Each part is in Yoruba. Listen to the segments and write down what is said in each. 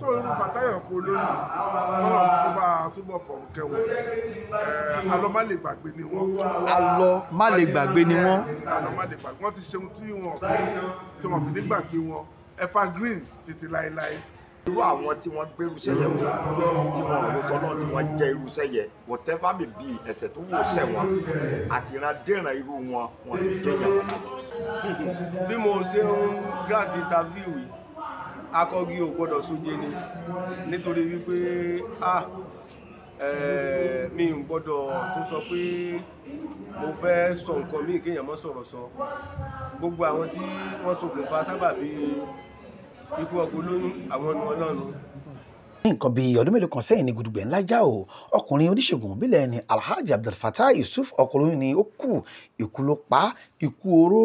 tó ń lu bàtáyọ̀ kó lónìí lọ́wọ́ tó bá túbọ̀ fọ̀rọ̀ kẹwọn alọ́ má lè gbàgbé ni wọ́n. alọ́ má lè gbàgbé ni wọ́n. alọ́ má lè gbàgbé wọ́n ti ṣeun tí wọn ọ̀gbẹ́ tí wọ́n fi nígbà tí wọn ẹ̀fà green títí láéláé. irú àwọn tí wọ́n gbé irúṣẹ́ yẹn fún tí wọ́n lò tọ́ náà tí wọ́n jẹ́ irúṣẹ́ yẹn whatever may be ẹ̀ṣẹ̀ tó wò sẹ̀ wọn àtìrandéèràn irú wọn wọn lè jẹ́ yàrá. bí mo ṣe ń gàtì tàbí ìwé akọ́gi o gbọ́dọ̀ sóje ni nítorí wípé ah mi ò gbọ́dọ̀ tún sọ pé mo fẹ́ sọ nǹkan míì kéèyàn mọ́ sọ̀rọ̀ sọ gbogbo àwọn tí wọ́n ṣokùnfà sábàbí ikú ọkọ lóyún àwọn ọ̀nà ọlọ́run ní nǹkan bíi ọdún mélòó kan sẹ́yìn ní gudugbẹ̀ ńlá já o ọkùnrin oníṣègùn ìbílẹ̀ ni alhaji abdulfatah yusuf ọkùnrin ni ó kú ikú ló pa ikú oró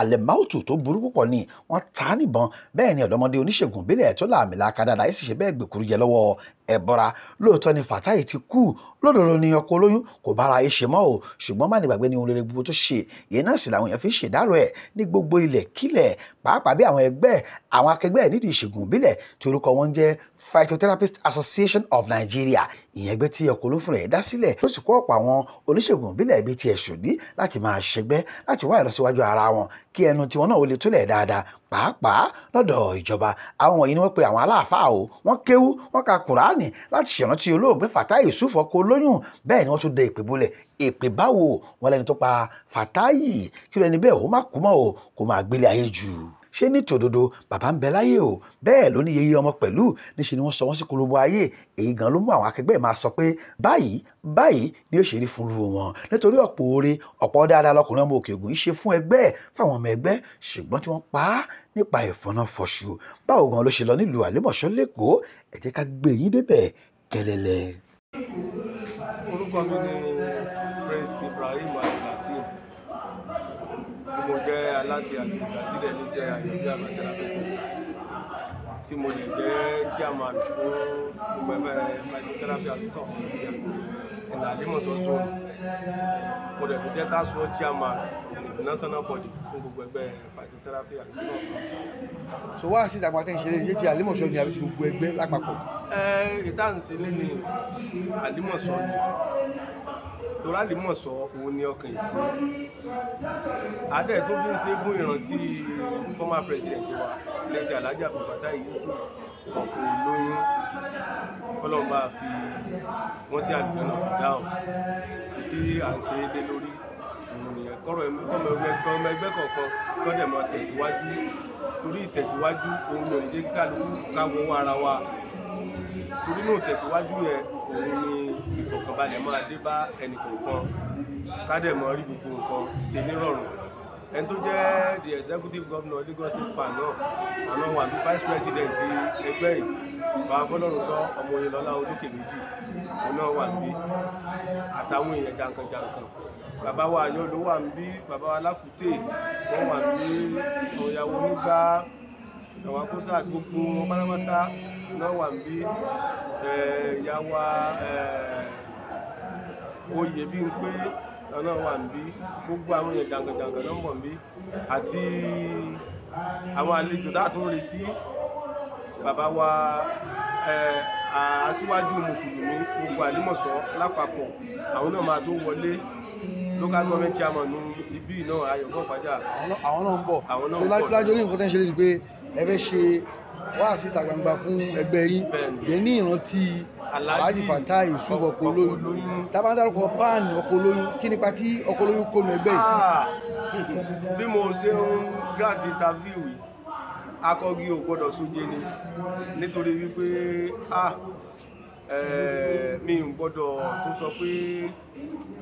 àlẹ̀máòtù tó burú púpọ̀ ni wọ́n ta á níbọn bẹ́ẹ̀ ni ọ̀dọ́mọdé oníṣègùn ìbílẹ̀ tó láàmì làákàdáadáa yìí sì ṣe bẹ́ẹ̀ gbèkúrú jẹ lọ́wọ́ ẹ̀bọra lóòótọ́ ni Fatai ti kú lódodo ni ọkọ olóyún kò bára ẹ ṣe mọ́ o ṣùgbọ́n má ní gbàgbé ni ohun rere gbogbo tó ṣe ìyẹn náà sì làwọn èèyàn fi ń ṣèdárò ẹ̀ ní gbogbo ilẹ̀ kílẹ̀ pàápàá bí àwọn ẹgbẹ́ àwọn akẹgbẹ́ nídìí ìṣègùn ìbílẹ̀ tí orúkọ wọn jẹ́ Phytotherapist Association of Nigeria ìyẹn ẹgbẹ́ tí ọkọ̀ olófin rẹ̀ dá sílẹ̀ tó sì kó ọ̀pọ̀ àwọn oníṣègùn ìbílẹ̀ ibi tí Ẹ̀ṣòdì láti máa ṣẹgbẹ́ láti wá ìlọsíwájú ara wọn kí ẹnu tiwọn náà ó le túlẹ̀ dáadáa pàápàá lọ́dọ̀ ìjọba àwọn wọ̀nyí ni wọ́n pe àwọn aláàfáà o wọ́n kéwú wọ́n ka kùránì láti ṣèrántí olóògbé Fatai Yusuf ọkọ̀ olóyún bẹ́ẹ̀ ni wọ́n tún de ìpè bolẹ̀ èpè báwo wọn lẹni tó pa Fatai kí ló ẹni bẹ́ẹ̀ ó má kú mọ́ o kó máa gbélé ayé jù ṣé ní tòdodo bàbá ń bẹ láyé o bẹ́ẹ̀ ló ní yeye ọmọ pẹ̀lú níṣe ni wọ́n sọ wọ́n sí kolobo ayé èyí gan ló mú àwọn akẹgbẹ́ máa sọ pé báyìí báyìí ni ó ṣe rí fún irú wọn nítorí ọ̀pọ̀ oore ọ̀pọ̀ dáadáa lọkùnrin ọmọ òkè ògùn ń ṣe fún ẹgbẹ́ fáwọn ọmọ ẹgbẹ́ ṣùgbọ́n tí wọ́n pa á nípa ìfọ̀nà báwo gan ló ṣe lọ nílùú àlémọ̀ṣọ́ lẹ́kọ̀ọ́ ẹ jẹ́ ká gbé yín débẹ̀ kẹlẹ́lẹ́. orúkọ mi ni Prince Ibrahim Alafi tí mo jẹ́ aláṣẹ àti ìgbàsílẹ̀ níṣẹ́ àyọ̀bí abatẹ́lábẹ́ center tí mo lè jẹ́ chairman fún gbogbo ẹgbẹ́ phytotherapy association of Nigeria ìlà àdìmọ̀sọ́sọ́ mo dẹ̀ tún jẹ́ task force chairman national body fún gbogbo ẹgbẹ́ phytotherapy association of Nigeria. so wá sí ìtàkùn àtẹ̀yìn ṣẹlẹ̀ ṣé ti àlímọ̀sọ́ ni àbí ti gbogbo ẹgbẹ́ lápapọ̀. ẹ ìtàǹsílẹ̀ ni àlímọ̀sọ́ ni torálìmọ̀sọ òun ni ọkàn èkó adé tó fi ń ṣe fún ìrántí former president wa lẹ́tí alhaji abdulfatai yusuf ọkọ̀ olóyún kọlọ́mbà fi wọ́n sí àlùjọ́nà fidaus tí à ń ṣe é dé lórí òun nìyẹn kọ́rọ̀ ẹ̀mẹ́kọ́mọ ẹgbẹ́ kọ̀ọ̀kan kọ́dẹ̀ mọ́ tẹ̀síwájú torí ìtẹ̀síwájú òun lòdì dé kálukú káwọ́ ara wa torí náà tẹ̀síwájú yẹn òun ni ìfọ̀kànbalẹ̀ máa dé bá ẹnìkọ̀ọ̀kan kádẹ̀mọ́ rí gbogbo nǹkan ṣe nírọ̀rùn ẹni tó jẹ́ the executive governor Lagos state pan náà àná wà ní vice president ẹgbẹ́ yìí bàbá fọlọ́run sọ ọmọ Oyèlọ́lá olókè méjì òun náà wà níbí àtàwọn èèyàn jàǹkànjàǹkàn bàbá wa àyọ ló wà níbí bàbá wa lákùté wọn wà níbí ọ̀yàwó nígbà àwọn akóṣà gbogbo wọn pátápátá náà wà ń bí ìyá wa oyè bí n pé náà wà ń bí gbogbo àwọn èèyàn jàǹkànjàǹkàn náà wà ń bí àti àwọn àlejò dáàtún retí bàbá wa aṣíwájú mùsùlùmí gbogbo àlímọ̀sọ́ lápapọ̀ àwọn náà máa tó wọlé local government chairman nu ibi náà ayọ̀gbọ́n pàjá. àwọn náà ń bọ̀ so lájọ́ ní nǹkan tẹ́ ń ṣe lè rí i pé ẹ fẹ́ ṣe wá síta gbangba fún ẹgbẹ́ yín dé ní ìrántí alhaji fatai yusuf ọkọ olóyún tabandarukọ ban ọkọ olóyún kí nípa tí ọkọ olóyún kó nu ẹgbẹ́ yìí. Ah, bí mo ṣe ń grant interview yìí akọgi ò gbọ́dọ̀ sóje ni nítorí wípé ah eh, mi ò gbọ́dọ̀ tó sọ pé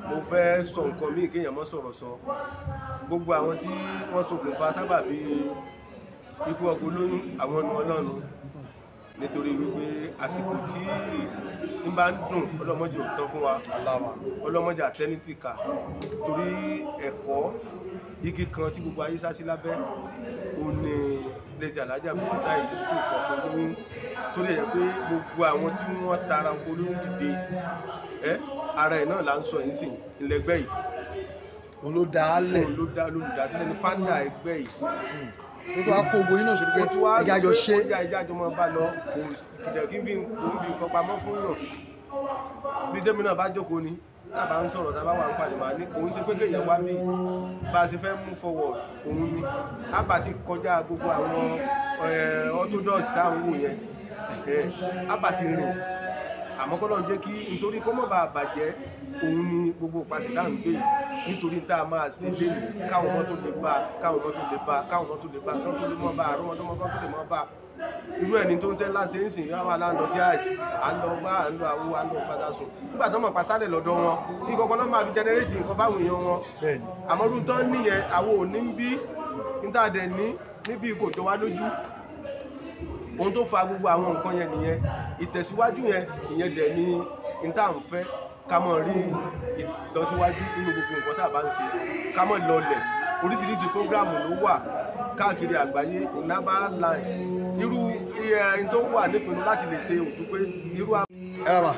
mo fẹ́ sọ nǹkan míì kéèyàn mọ́ sọ̀rọ̀ sọ gbogbo àwọn tí wọ́n ṣokùnfà sábàbí ikú ọkọ lóyún àwọn ọ̀nà ọlọ́run nítorí wípé àsìkò tí ń bá ń dùn ọlọ́mọdé ò tán fún wa ọlọ́mọdé àtẹ́nítì kà torí ẹ̀kọ́ igi kan tí gbogbo ayé sásí lábẹ́ òun ni lẹ́jà lájà bùkátà Yusuf ọkọ lóyún tó lè yẹ pé gbogbo àwọn tí wọ́n tara ọkọ lóyún dìde ẹ́ ara ẹ̀ náà là ń sọ yìí sìn ìlẹ́gbẹ́ yìí olùdásílẹ̀ ni fáńdà ẹgbẹ́ yìí tó tó wá kó ogun yín náà ṣe pé ìjà ṣe. ó jà bá lọ kò kìdẹ̀ kí n fi nǹkan pamọ́ fún yàn bí jẹ́mi náà bá jókòó ni tábà ń sọ̀rọ̀ tábà wà ń pàdé wa ní òun ṣe pé kéèyàn wá bí bá a ṣe fẹ́ mú forward òun ni ábà ti kọjá gbogbo àwọn eh, orthodox táwọn wò yẹn eh, ábà ti rìn àmọ́ kọ́ lọ́n jẹ́ kí nítorí kó mọ̀ bá a bàjẹ́ òun ni gbogbo pàṣẹ tá à ń gbé nítorí tá a máa ṣe léèrè káwọn ọmọ tó lè bá káwọn ọmọ tó lè bá káwọn ọmọ tó lè bá káwọn tó lè mọ́ bá àrọ́mọdọ́mọ kan tó lè mọ́ bá irú ẹni tó ń sẹ́ láṣẹ ń sìn yáwá láńlọ sí àjì à ń lọ gbá à ń lọ àwo à ń lọ padà sùn nígbà tó mọ̀ pàṣálẹ̀ lọ́dọ̀ wọn ní kankan náà máa fi jẹnẹrétì nǹkan fáwọn èèyàn wọn àmọ́ ọdún tán nìyẹn àwọn ò ní ń bí níta dẹ̀ ní níbi kò jọ lójú ohun tó fa gbogbo àwọn nǹkan yẹn nìyẹn ìtẹ̀síwájú yẹn ìyẹn dẹ̀ ni níta ń fẹ́ ká mọ̀ rí ìlọsíwájú nínú gbogbo nǹkan tá a bá ń ṣe ká mọ̀ lọlẹ̀ oríṣiríṣi prógráàmù ló wà káàkiri àgbáyé ìnábà line irú ẹni tó wà nípinnu láti lè ṣe òtún pé irú. ẹ rà mà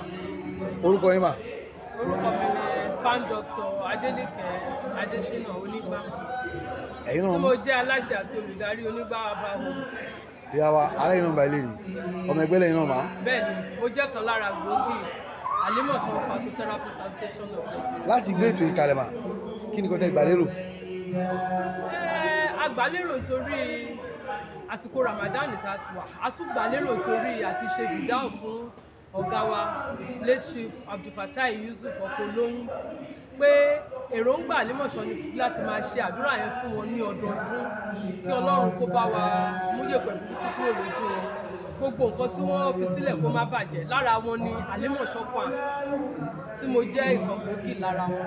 orúkọ yín mà. orúkọ mi ni pan doctor adeleke adesina onígbà. tí mo jẹ́ aláṣẹ àti olùdarí onígbà wa ìyá wa ará yìí náà bá ilé yìí ọmọ ẹgbẹ́ lẹ́yìn náà máa. bẹ́ẹ̀ni mo jẹ́ kan lára gbòógì àlímọ̀sán phototherapist association of Nigeria. láti gbé ètò ìkàlẹ̀ mà kí ni kọ́tà ìgbàlérò. àgbàlérò eh, torí àsìkò Ramadan tá a wà àtúgbàlérò torí àti ṣe fìdáhùn fún ọ̀gá wa late chief Abdulfatai Yusuf Ọkọlóhùn pé èròǹgbà Àlímọ̀ṣọ́ ni láti máa ṣe àdúrà yẹn fún wọn ní ọdọọdún kí Ọlọ́run kó bá wa múyè pẹ̀lú kúrò lójú wọn gbogbo nǹkan tí wọ́n fi sílẹ̀ kó má bàjẹ́ lára wọn ni Àlímọ̀ṣọ́ pa tí mo jẹ́ ìkan gbòógì lára wọn.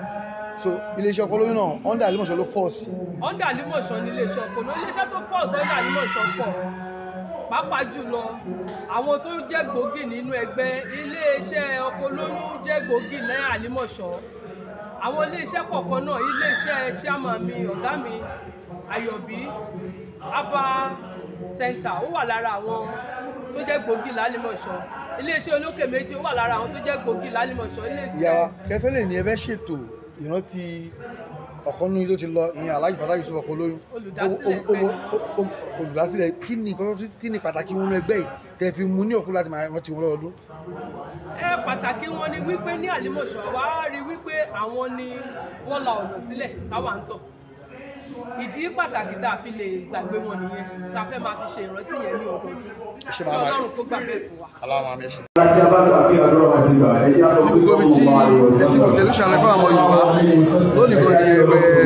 so iléeṣẹ́ ọkọ lóyún náà ọ̀ndà Àlímọ̀ṣọ́ ló fọ́ ọ sí. ọ̀ndà Àlímọ̀ṣọ́ ni iléeṣẹ́ ọkọ náà iléeṣẹ́ tó fọ́ ọ̀sán ọ̀ndà Àlímọ̀ṣọ́ pọ̀ pàápàá jùlọ àwọn tó jẹ́ gbòógì nínú ẹgbẹ́ iléeṣẹ́ ọkọ lóyún jẹ́ gbòógì lẹ́yìn Àlímọ̀ṣọ́ àwọn iléeṣẹ́ kọ̀ọ̀kan náà iléeṣẹ́ chairman mi ọ̀gá mi Ayọ̀bí abba center ó wà lára àwọn tó jẹ́ gbòógì lálìmọ̀ṣọ́ iléeṣẹ́ olókè méjì ó wà lára àwọn tó jẹ́ gbòógì lálìmọ̀ṣọ́ iléeṣẹ́. ìyàwó kẹtọlẹ ni ẹ fẹ́ ṣètò ìrántí ọ̀kan nínú tó ti lọ ìyẹn aláàjì fàdáyì sọ ọkọ lóyún olùdásílẹ̀ kí ni pàtàkì wọn ẹgbẹ́ yìí tẹ́ fi mú ní òkú láti máa rántí wọn lọ́dún ẹ pàtàkì wọn ni wípé ní àlìmọ̀ṣọ́ wa rí wípé àwọn ni wọ́n la ọ̀nà sílẹ̀ táwa ń tọ̀ ìdí pàtàkì tá a fi lè gbàgbé wọn nìyẹn tá a fẹ́ máa fi ṣe ìrántí yẹn ní ọdọọdún ọlọ́run kó gbàgbé fún wa. láti abájọ àbí ọ̀rọ̀ àti ìgbà ẹ̀yà tó kú sóhun máa yọ sọ́dọ̀. etí kò tẹ̀lé ṣàlẹ́ fún àwọn yorùbá lónìí kan ní ẹgbẹ́ pan ẹgbẹ́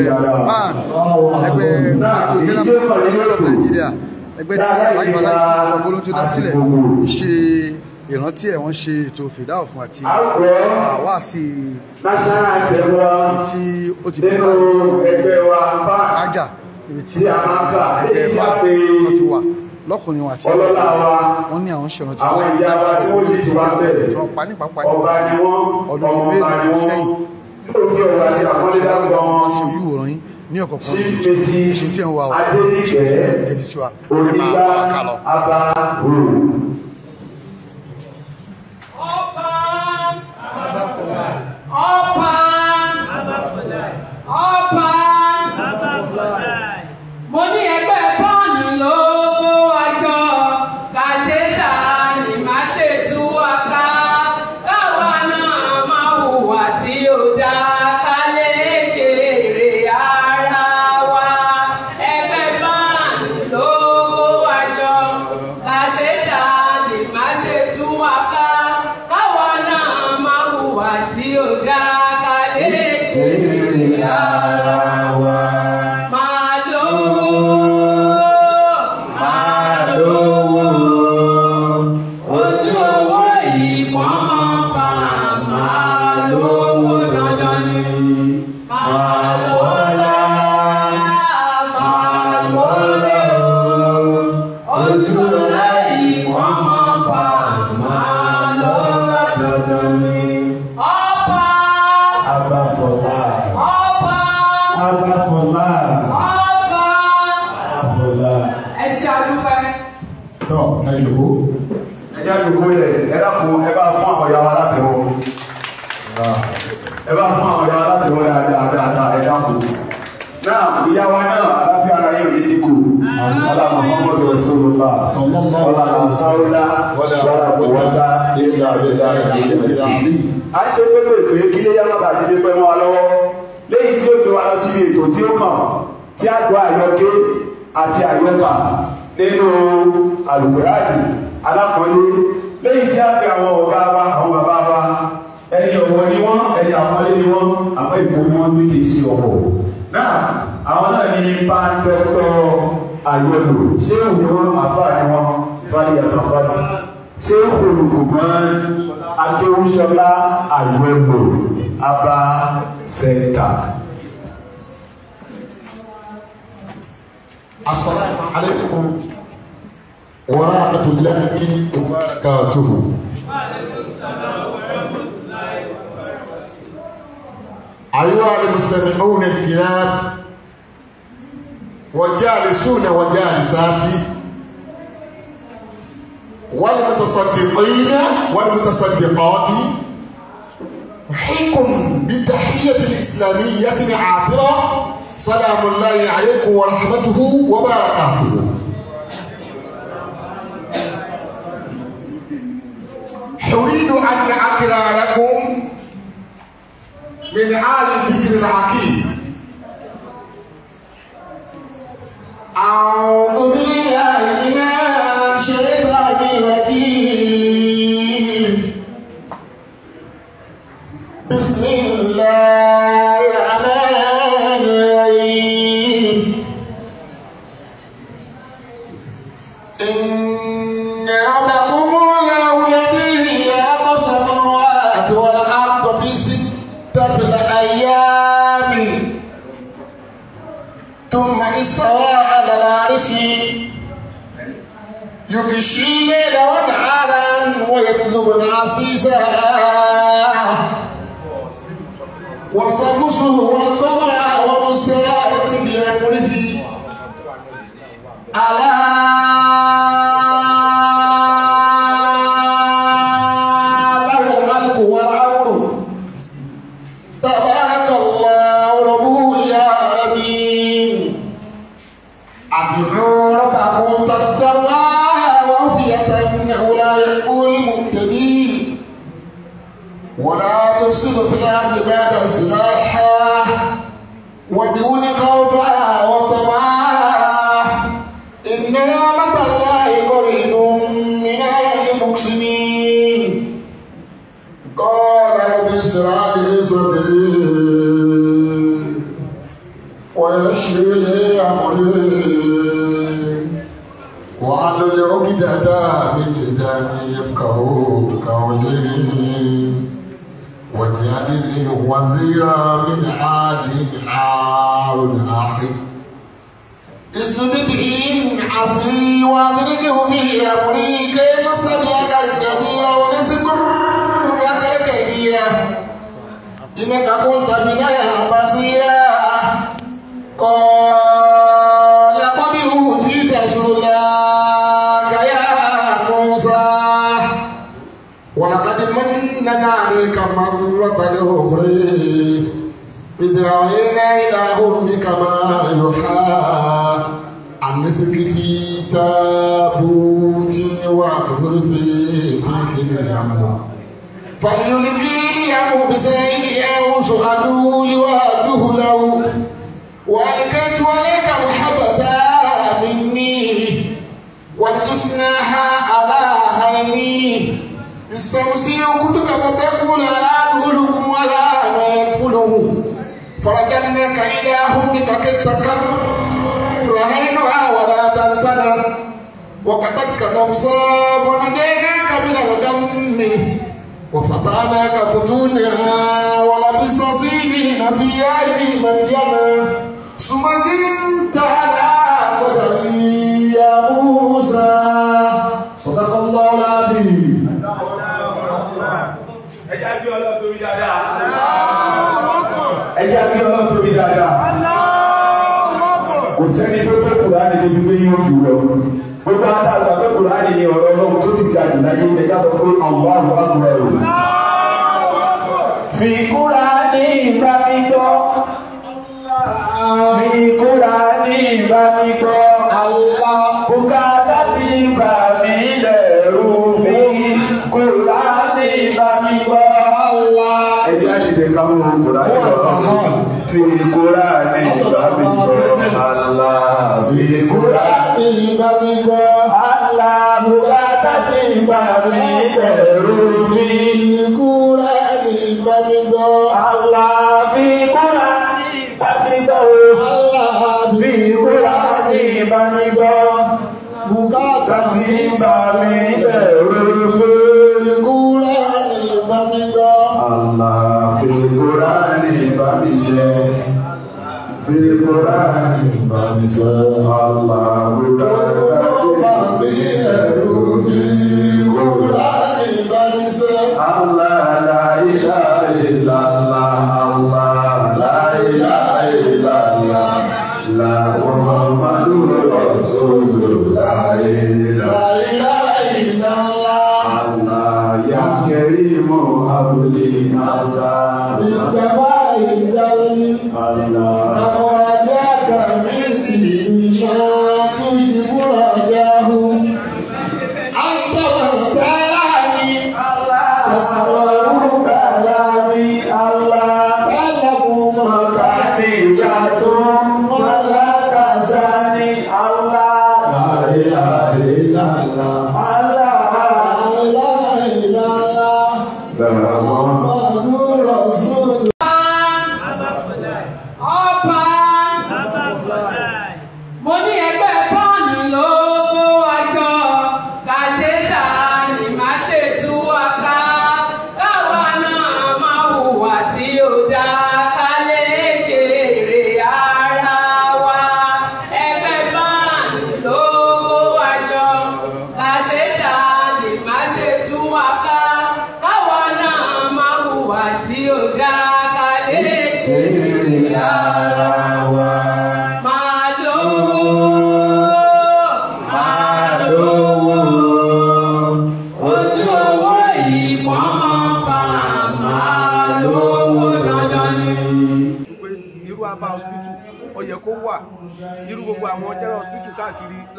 ìjọba nàìjíríà ẹgbẹ́ tí aláìbálá fún ọgbọ́n dá sílẹ̀ ṣe ìrántí ẹ̀ wọ́n ṣe ètò fìdáwò fún àti àwa sí tí ó ti bí wá ájà ibi ẹgbẹ́ bá wọ́n ti wà lọ́kùnrin wa àti ọlọ́lá wa wọ́n ní àwọn ṣèrántí wọn ní ìyá wa tí ó lè ti wá bẹ̀rẹ̀ tí wọ́n pa ní pápá ní ọdún sẹ́yìn tí ó fi ọ̀rọ̀ àti ní ọkọ̀ kan ṣe tí ń wa ọ̀ ṣe tí ń tẹ́tí sí wa ẹ máa kà lọ. المتصدقات أحييكم بتحية الإسلامية العاطرة سلام الله عليكم ورحمته وبركاته أريد أن أقرأ لكم من آل ذكر العقيم أعوذ بالله من الشيطان يغشي ليلا ونهارا ويطلب عزيزا وصمسه والقمر ومسيرة بأمره على يجد وزيرا من عاده هارون أخي استدب به من عصري وأدركه به أمري كي نصدق الكثير ونذكر كثيرا إنك كنت بنا بصيرا قال عبرة لأخرين إذ أوينا إلى أمك ما يوحى عن نسك في تابوت وأحذر في كل عمل فليلقيني أبو بسيء أو سخلوا لواده له وألقيت عليك محبة مني ولتصنعها على عيني استرسلكم فتقول لا أدخلكم ولا يدخلون فرجعناك إلى أمك كي تكر رهينها ولا تنسنا وقتلك نفسا فنجيناك من الغم وفتحناك فتونها ولبست سينين في أيدي مدينة ثم دنت على قدري يا موسى ọlọ́run tóbi dáadáa. ẹ jẹ́ àbí ọlọ́run tóbi dáadáa. kò sẹ́ni tó tó kùránì níbi pé yóò jù lọ. gbogbo àtàgbà pé kùránì ni ọ̀rọ̀ ọlọ́run tó sì ga jùlọ yé ẹja sọ pé àwọn àwọn àgbà rẹ̀ wò. fi kùránì bá mi fi kùránì bá mi àwọn. ìkúra mi bá mi gbọ́. Alábùkà tàti bá mi bẹ̀rù fi. Ìkúra mi bá mi gbọ́. Alábí kúra mi bá mi gbọ́. Alábí kúra mi bá mi gbọ́. Bùkà tàti bá mi bẹ̀rù fi. Ìkúra mi bá mi gbọ́. Alábí kúra mi bá mi Fi kúra mi. Rasulullah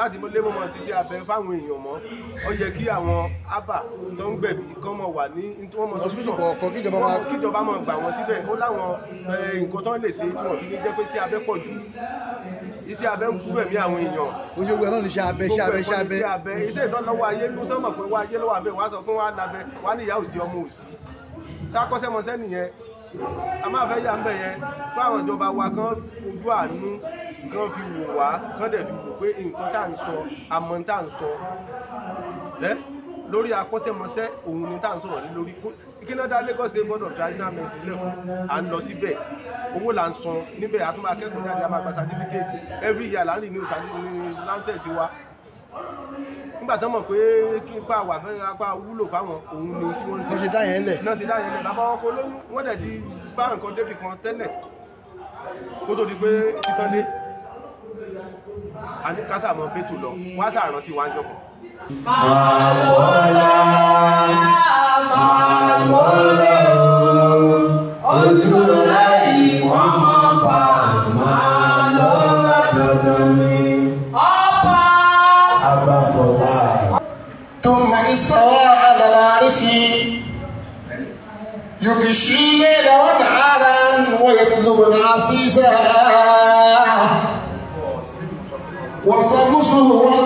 láti lé mọ́mọ́ ṣíṣe abẹ fáwọn èèyàn mọ́ ó yẹ kí àwọn ábà tó ń gbẹ̀bí kọ́ mọ̀ wà ní tí wọ́n mọ̀ sọ́sùsùn kíjọba mọ̀ gbà wọ́n síbẹ̀ ó láwọn nǹkan tó ń lè ṣe tí wọ́n fi ní jẹ́ pé sí abẹ pọ̀ jù iṣẹ́ abẹ ń kú ẹ̀mí àwọn èèyàn. o ṣe gbẹ náà iṣẹ́ abẹ iṣẹ́ abẹ iṣẹ́ abẹ. iṣẹ́ ìtọ́lọ́wọ́ ayé ló sọ́mọ̀ pé wọ́n ayé lọ́wọ́ abẹ wàá sọ fún wa lábẹ wàá níyàwó sí ọmọ òsì sákọ́sẹ́mọsẹ́ nìyẹn a máa fẹ́ yà ń bẹ̀ yẹn fáwọn ìjọba wa kan fojú àánú kan fi wò wá kan dẹ̀ fi wò pé nǹkan tá à ń sọ àmọ́ tá à ń sọ ẹ́ lórí akọ́ṣẹ́mọṣẹ́ òun ni tá à ń sọ̀rọ̀ lé lórí ìkíná dá Lagos State Board of Traditional Medicine lẹ́fún à ń lọ síbẹ̀ owó là ń san níbẹ̀ àtúmọ̀ akẹ́kọ̀ọ́ jáde a máa gba certificate every year là ń renew certificate lancet wa nígbà tó mọ̀ pé kí n pa wà fẹ́ apá wúlò fáwọn òun ni tí wọ́n ń ṣe. wọ́n ṣe dá yẹn lẹ̀. náà ṣe dá yẹn lẹ̀ bàbá ọkọ olóyún wọ́n dẹ̀ ti bá nǹkan débì kan tẹ́lẹ̀ kó tó di pé títán dé àní kásà mọ bẹ́tù lọ wọ́n á sàrántí wá ń jọkọ̀. Màwọ́lá Màwọ́lẹ̀ ooo, يمشي ليلا ونهارا ويطلب العزيزة وسنصره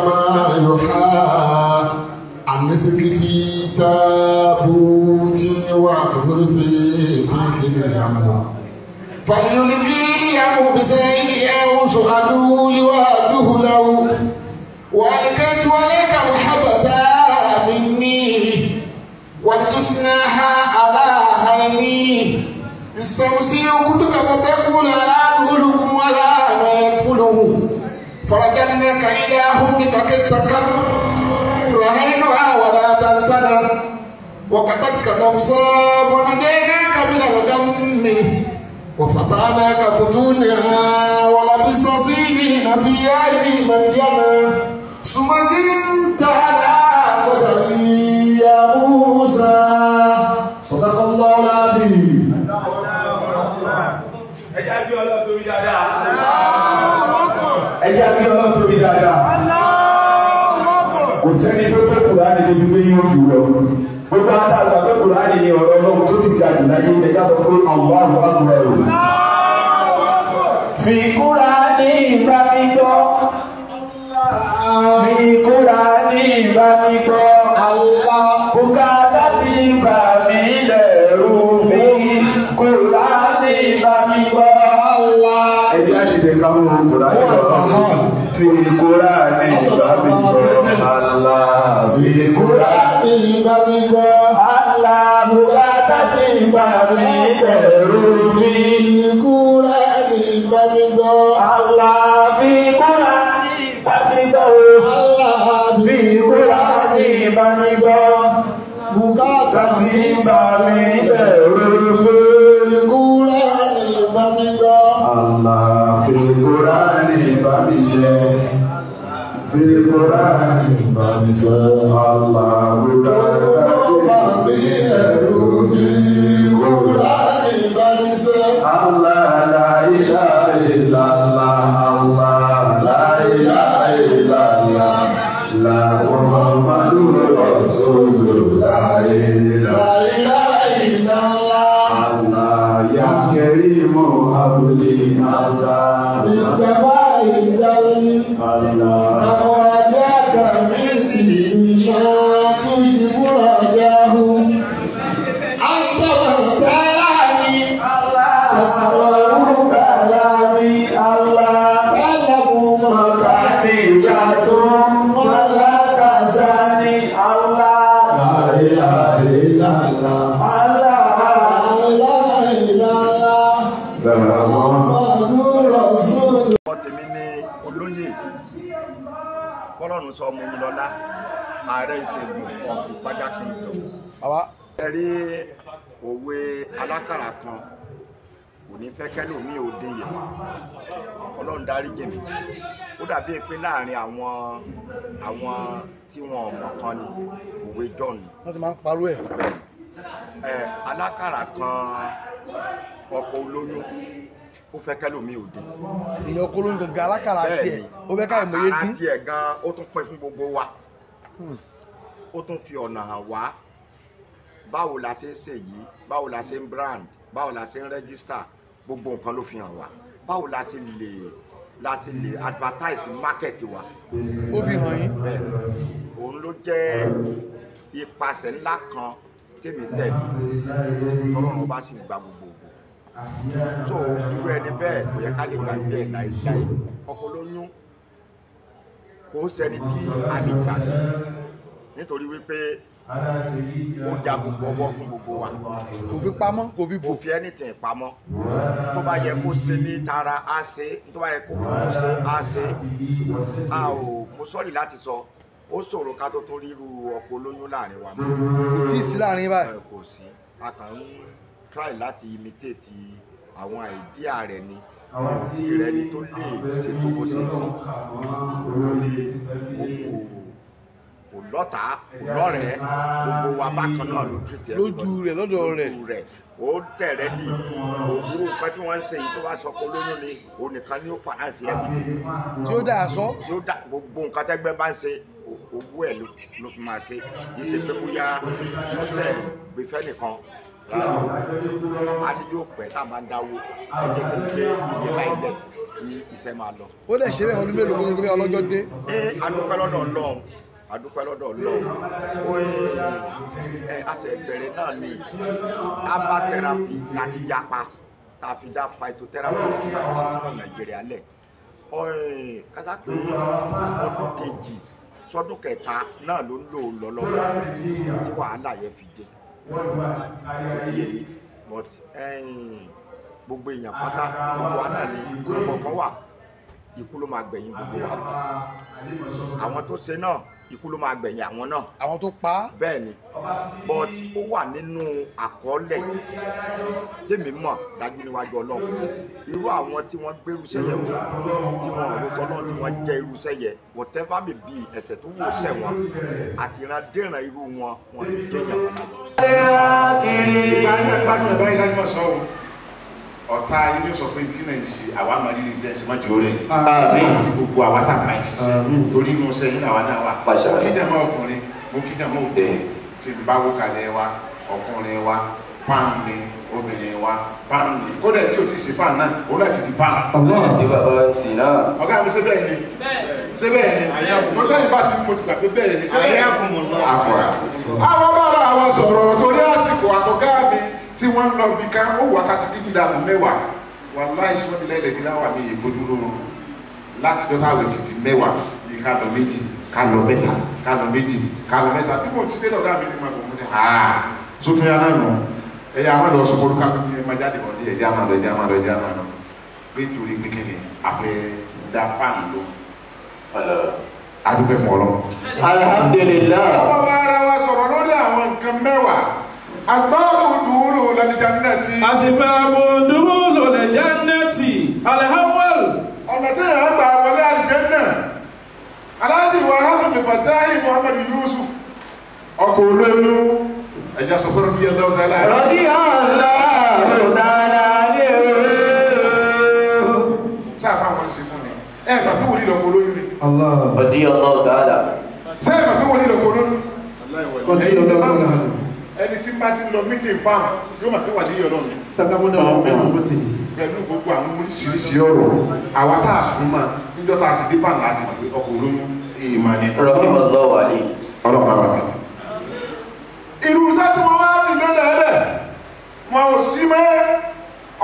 كما يحا عن نسك في تابوت واقذفي في كل عمل فليلقيني أبو بسيء أو سؤالوا لواده له وألقيت عليك محببا مني ولتصنعها على عيني استمسيك تكفتكون على فرجنك إلى همتك التكبر رهينها ولا تنسنا وكتبك نفسا فنجيناك من الغم وفتحناك فتونها ولبست سينين في عيني مدينا ثم دنت على قدري يا موسى صدق الله العظيم. ẹ jẹ́ bí ọlọ́run tó rí dáadáa jẹ́ kí ọlọ́run tóbi dáadáa. kò sẹ́ni tó tó kùránì níbi pé yóò jù lọ. gbogbo àtà àgbà pé kùránì ni ọ̀rọ̀ ọlọ́run tó sì ga jùláyé ẹ̀ já sọ pé àwọn àwọn àgbà rẹ̀. fi kùránì bá mi gbọ́. fi kùránì bá mi gbọ́. bùkà láti bà mí lẹ̀rù fi kùránì bá mi lọ filikura ni ìgbà mi gbọ́ àlá filikura ni ìgbà mi gbọ́ àlá bùkátà ti ìgbà mi bẹ̀rù filikura ni ìgbà mi gbọ́ àlá filikura ni ìgbà mi gbọ́ àlá filikura ni bùkátà ti ìgbà Quran, bangsa Allah. alfonso mumilọlá ààrẹ ìṣègùn ọ̀fìn ìpájà kingdom. bàbá. ẹ rí òwe alákàrà kan kò ní fẹ́ kẹ́lòmí ò dé yẹ ọlọ́run dáríjì mi ó dàbí pé láàrin àwọn àwọn tí wọn ọmọ kan ni òwe john. wọ́n ti máa ń parọ́ ẹ̀. ẹ alákàrà kan ọkọ̀ olóyún ó fẹ́ kẹ́lò mi ò dín. èèyàn kolo ń gangan alákàrà tiẹ̀ ó fẹ́ ká ìmọ̀ye dín. alákàrà tiẹ̀ gan ó tún pín fún gbogbo wa hmm. ó tún fi ọ̀nà hàn wá báwo la ṣe ń ṣèyí báwo la ṣe ń brand báwo la ṣe ń register gbogbo nǹkan ló fi hàn wá báwo la ṣe lè la ṣe lè advertise market wa. ó fi hàn yín. òun ló jẹ́ ipasẹ̀ ńlá kan tèmi tẹ̀lé ọlọ́run bá sì gba gbogbo ògbó so irú ẹni bẹ́ẹ̀ kò yẹ ká lè gbàgbé ẹ̀ láìláì ọkọ lóyún kò sẹ́ni tí a lè gbàgbé nítorí wípé ó da gbogbo ọwọ́ fún gbogbo wa kò fi pamọ́ kò fi bò fi anything pamọ́ tó bá yẹ kó ṣe ní tara á ṣe tó bá yẹ kó fún un ṣe á ṣe a ò mo sọ́ọ̀lì láti sọ ó ṣòro ká tó tó ríru ọkọ lóyún láàrin wa. kò tí ì sí láàrin báyìí. kò sí a kàn ń try láti imitate àwọn àìdíà rẹ̀ ni àti rẹ̀ ni tó lè ṣètò bó ṣe ń sìn lórí oko kò lọ́ta kò lọ́rẹ̀ẹ́ gbogbo wa bákan náà ló tìrìtì ẹ̀ lójú rẹ̀ lọ́dọ̀ rẹ̀ lójú rẹ̀ ó tẹ̀rẹ̀ ní òwúrò nǹkan tí wọ́n ń ṣe yìí tó bá sọ pé olóyún ni òun nìkan ni ó fàánsì ẹ̀ tí ó dáa sọ tí ó dáa gbogbo nǹkan tẹ́gbẹ́ bá ń ṣe owó ẹ̀ ló fi máa ṣe ìṣèpẹ́kúyà lọ́sẹ̀ gbẹ̀fẹ́ nìkan tí àwọn a ní yóò pẹ́ tá a máa ń dáwó ẹ̀jẹ̀ kò gbé iye báyìí lẹ̀ kí iṣẹ́ máa lọ. ó lè ṣe bẹ́ẹ̀ ọdún mélòó gbogbo ọlọ́jọ́ dé. ẹ adúpẹ́ lọ́dọ̀ Ọlọ́run adúpẹ́ lọ́dọ̀ Ọlọ́run ẹ àṣẹ ìbẹ̀rẹ̀ náà ni herbal therapy láti yapa tá a fi dá phytotherapist láti sísọ Nàìjíríà lẹ̀ kátà pé ọdún kejì sọdún kẹta náà ló ń lò lọ́lọ́wọ́ tí wàhálà yẹn fi dé but gbogbo èèyàn pátá gbogbo wa náà ní ọkọ̀ wà ikú ló máa gbẹ̀yìn gbogbo wa àwọn tó ṣe náà ikú ló máa gbẹ̀yìn àwọn náà. àwọn tó pa á. bẹ́ẹ̀ ni but ó wà nínú àkọọ́lẹ̀ tèmi mọ̀ dájú níwájú ọlọ́run irú àwọn tí wọ́n gbé irúṣẹ́ yẹn fún tí wọ́n rò tọ́lọ́ tí wọ́n jẹ́ irúṣẹ́ yẹn whatever may be ẹ̀ṣẹ̀ tó wò sẹ́wọ̀n àtìrandéran irú wọn wọn jẹ́ ìyàwó náà ọ̀tá ilé sọ fún ìdíkí náà àwa máa rí ní tẹ́sí máa jẹ́ tí gbogbo àwa tàbí àìsíṣẹ́ torí inú sẹ́yìn àwa náà wà mo kí jàmọ́ ọkùnrin mo kí jàmọ́ obìnrin tí bá wọ́kalẹ̀ wa ọkùnrin wa pàmì obìnrin wa pan ni kódà tí o sì ṣe fan náà òun náà ti di pan. ọlọ́ àti bàbá mc náà. ọ̀gá mi ṣe bẹ́ẹ̀ ni ṣe bẹ́ẹ̀ ni mo ní káyọ̀ bá ti mo ti gbà pé bẹ́ẹ̀ ni ṣe bẹ́ẹ̀ ni. àfọ̀rà àwọn bára àwọn sọ̀rọ̀ torí àsìkò àtọ̀gá mi tí wọ́n lọ bí ká ó wákàtí dídí dàgbà mẹ́wàá wàláì sọ́dílẹ̀ lẹ́dí láwà mi ìfojú lóorun láti dọ́tà àwẹ̀ ti di mẹ́wàá ní ká lọ méjì ká lọ mẹ́ta ká lọ méjì ká lọ mẹ́ta bí mo ti dé lọ́dọ̀ mi ni màgbọ́n mi ni ha sótúnyá náà nù ẹ̀yà àwọn ọ̀dọ̀ sọ fọ́lùkà fún mi máa jáde wọ̀lé ẹ̀jẹ̀ àmà lọ ẹ̀jẹ̀ àmà lọ ẹ̀jẹ̀ àmà lọ nítorí pé kí ni àfẹ́ da pan ló. adúgbò fún ọlọ. alhamdulillah. ọmọ bá ara wa sọ̀rọ̀ lórí àwọn nǹkan mẹ́wàá asibaabu duuru lórí jannati. asibaabu duuru lórí jannati alhamdul. ọ̀nà tí yàrá gbà wọlé àlùjànnà aláàjì wàhálà mẹfàtáyì muhammadu yusuf ọkọ̀ olóyún ẹja sọ fọlọ bíi Allahu ta'ala. rọbí Allahu ta'ala ní ooo. sáfà wọn ṣe fún mi ẹ ẹ bàbá wòlíì lọkọ olóyún ni. rọbí Allahu ta'ala. ṣé ẹ bàbá wòlíì lọkọ olóyún. rọbí Allahu ta'ala. ẹni tí bá ti lọ mítì pam yóò máa pé wà níyọ̀ náà ni. takamọ́dọ̀ wọn bẹ́ẹ̀ ló ti yìí. pẹ̀lú gbogbo àwọn oríṣiríṣi ọ̀rọ̀ àwa tá a sùn máa níjọ́ tá a ti dé pàm láti ọkọ̀ olóyún èèmọ̀ ni. rọbí Allahu ta'ala. ọlọ́pàá wà kẹ́kẹ́. ìrúsẹ́ tí wọ́n wá fi lélẹ̀ ò sí mọ́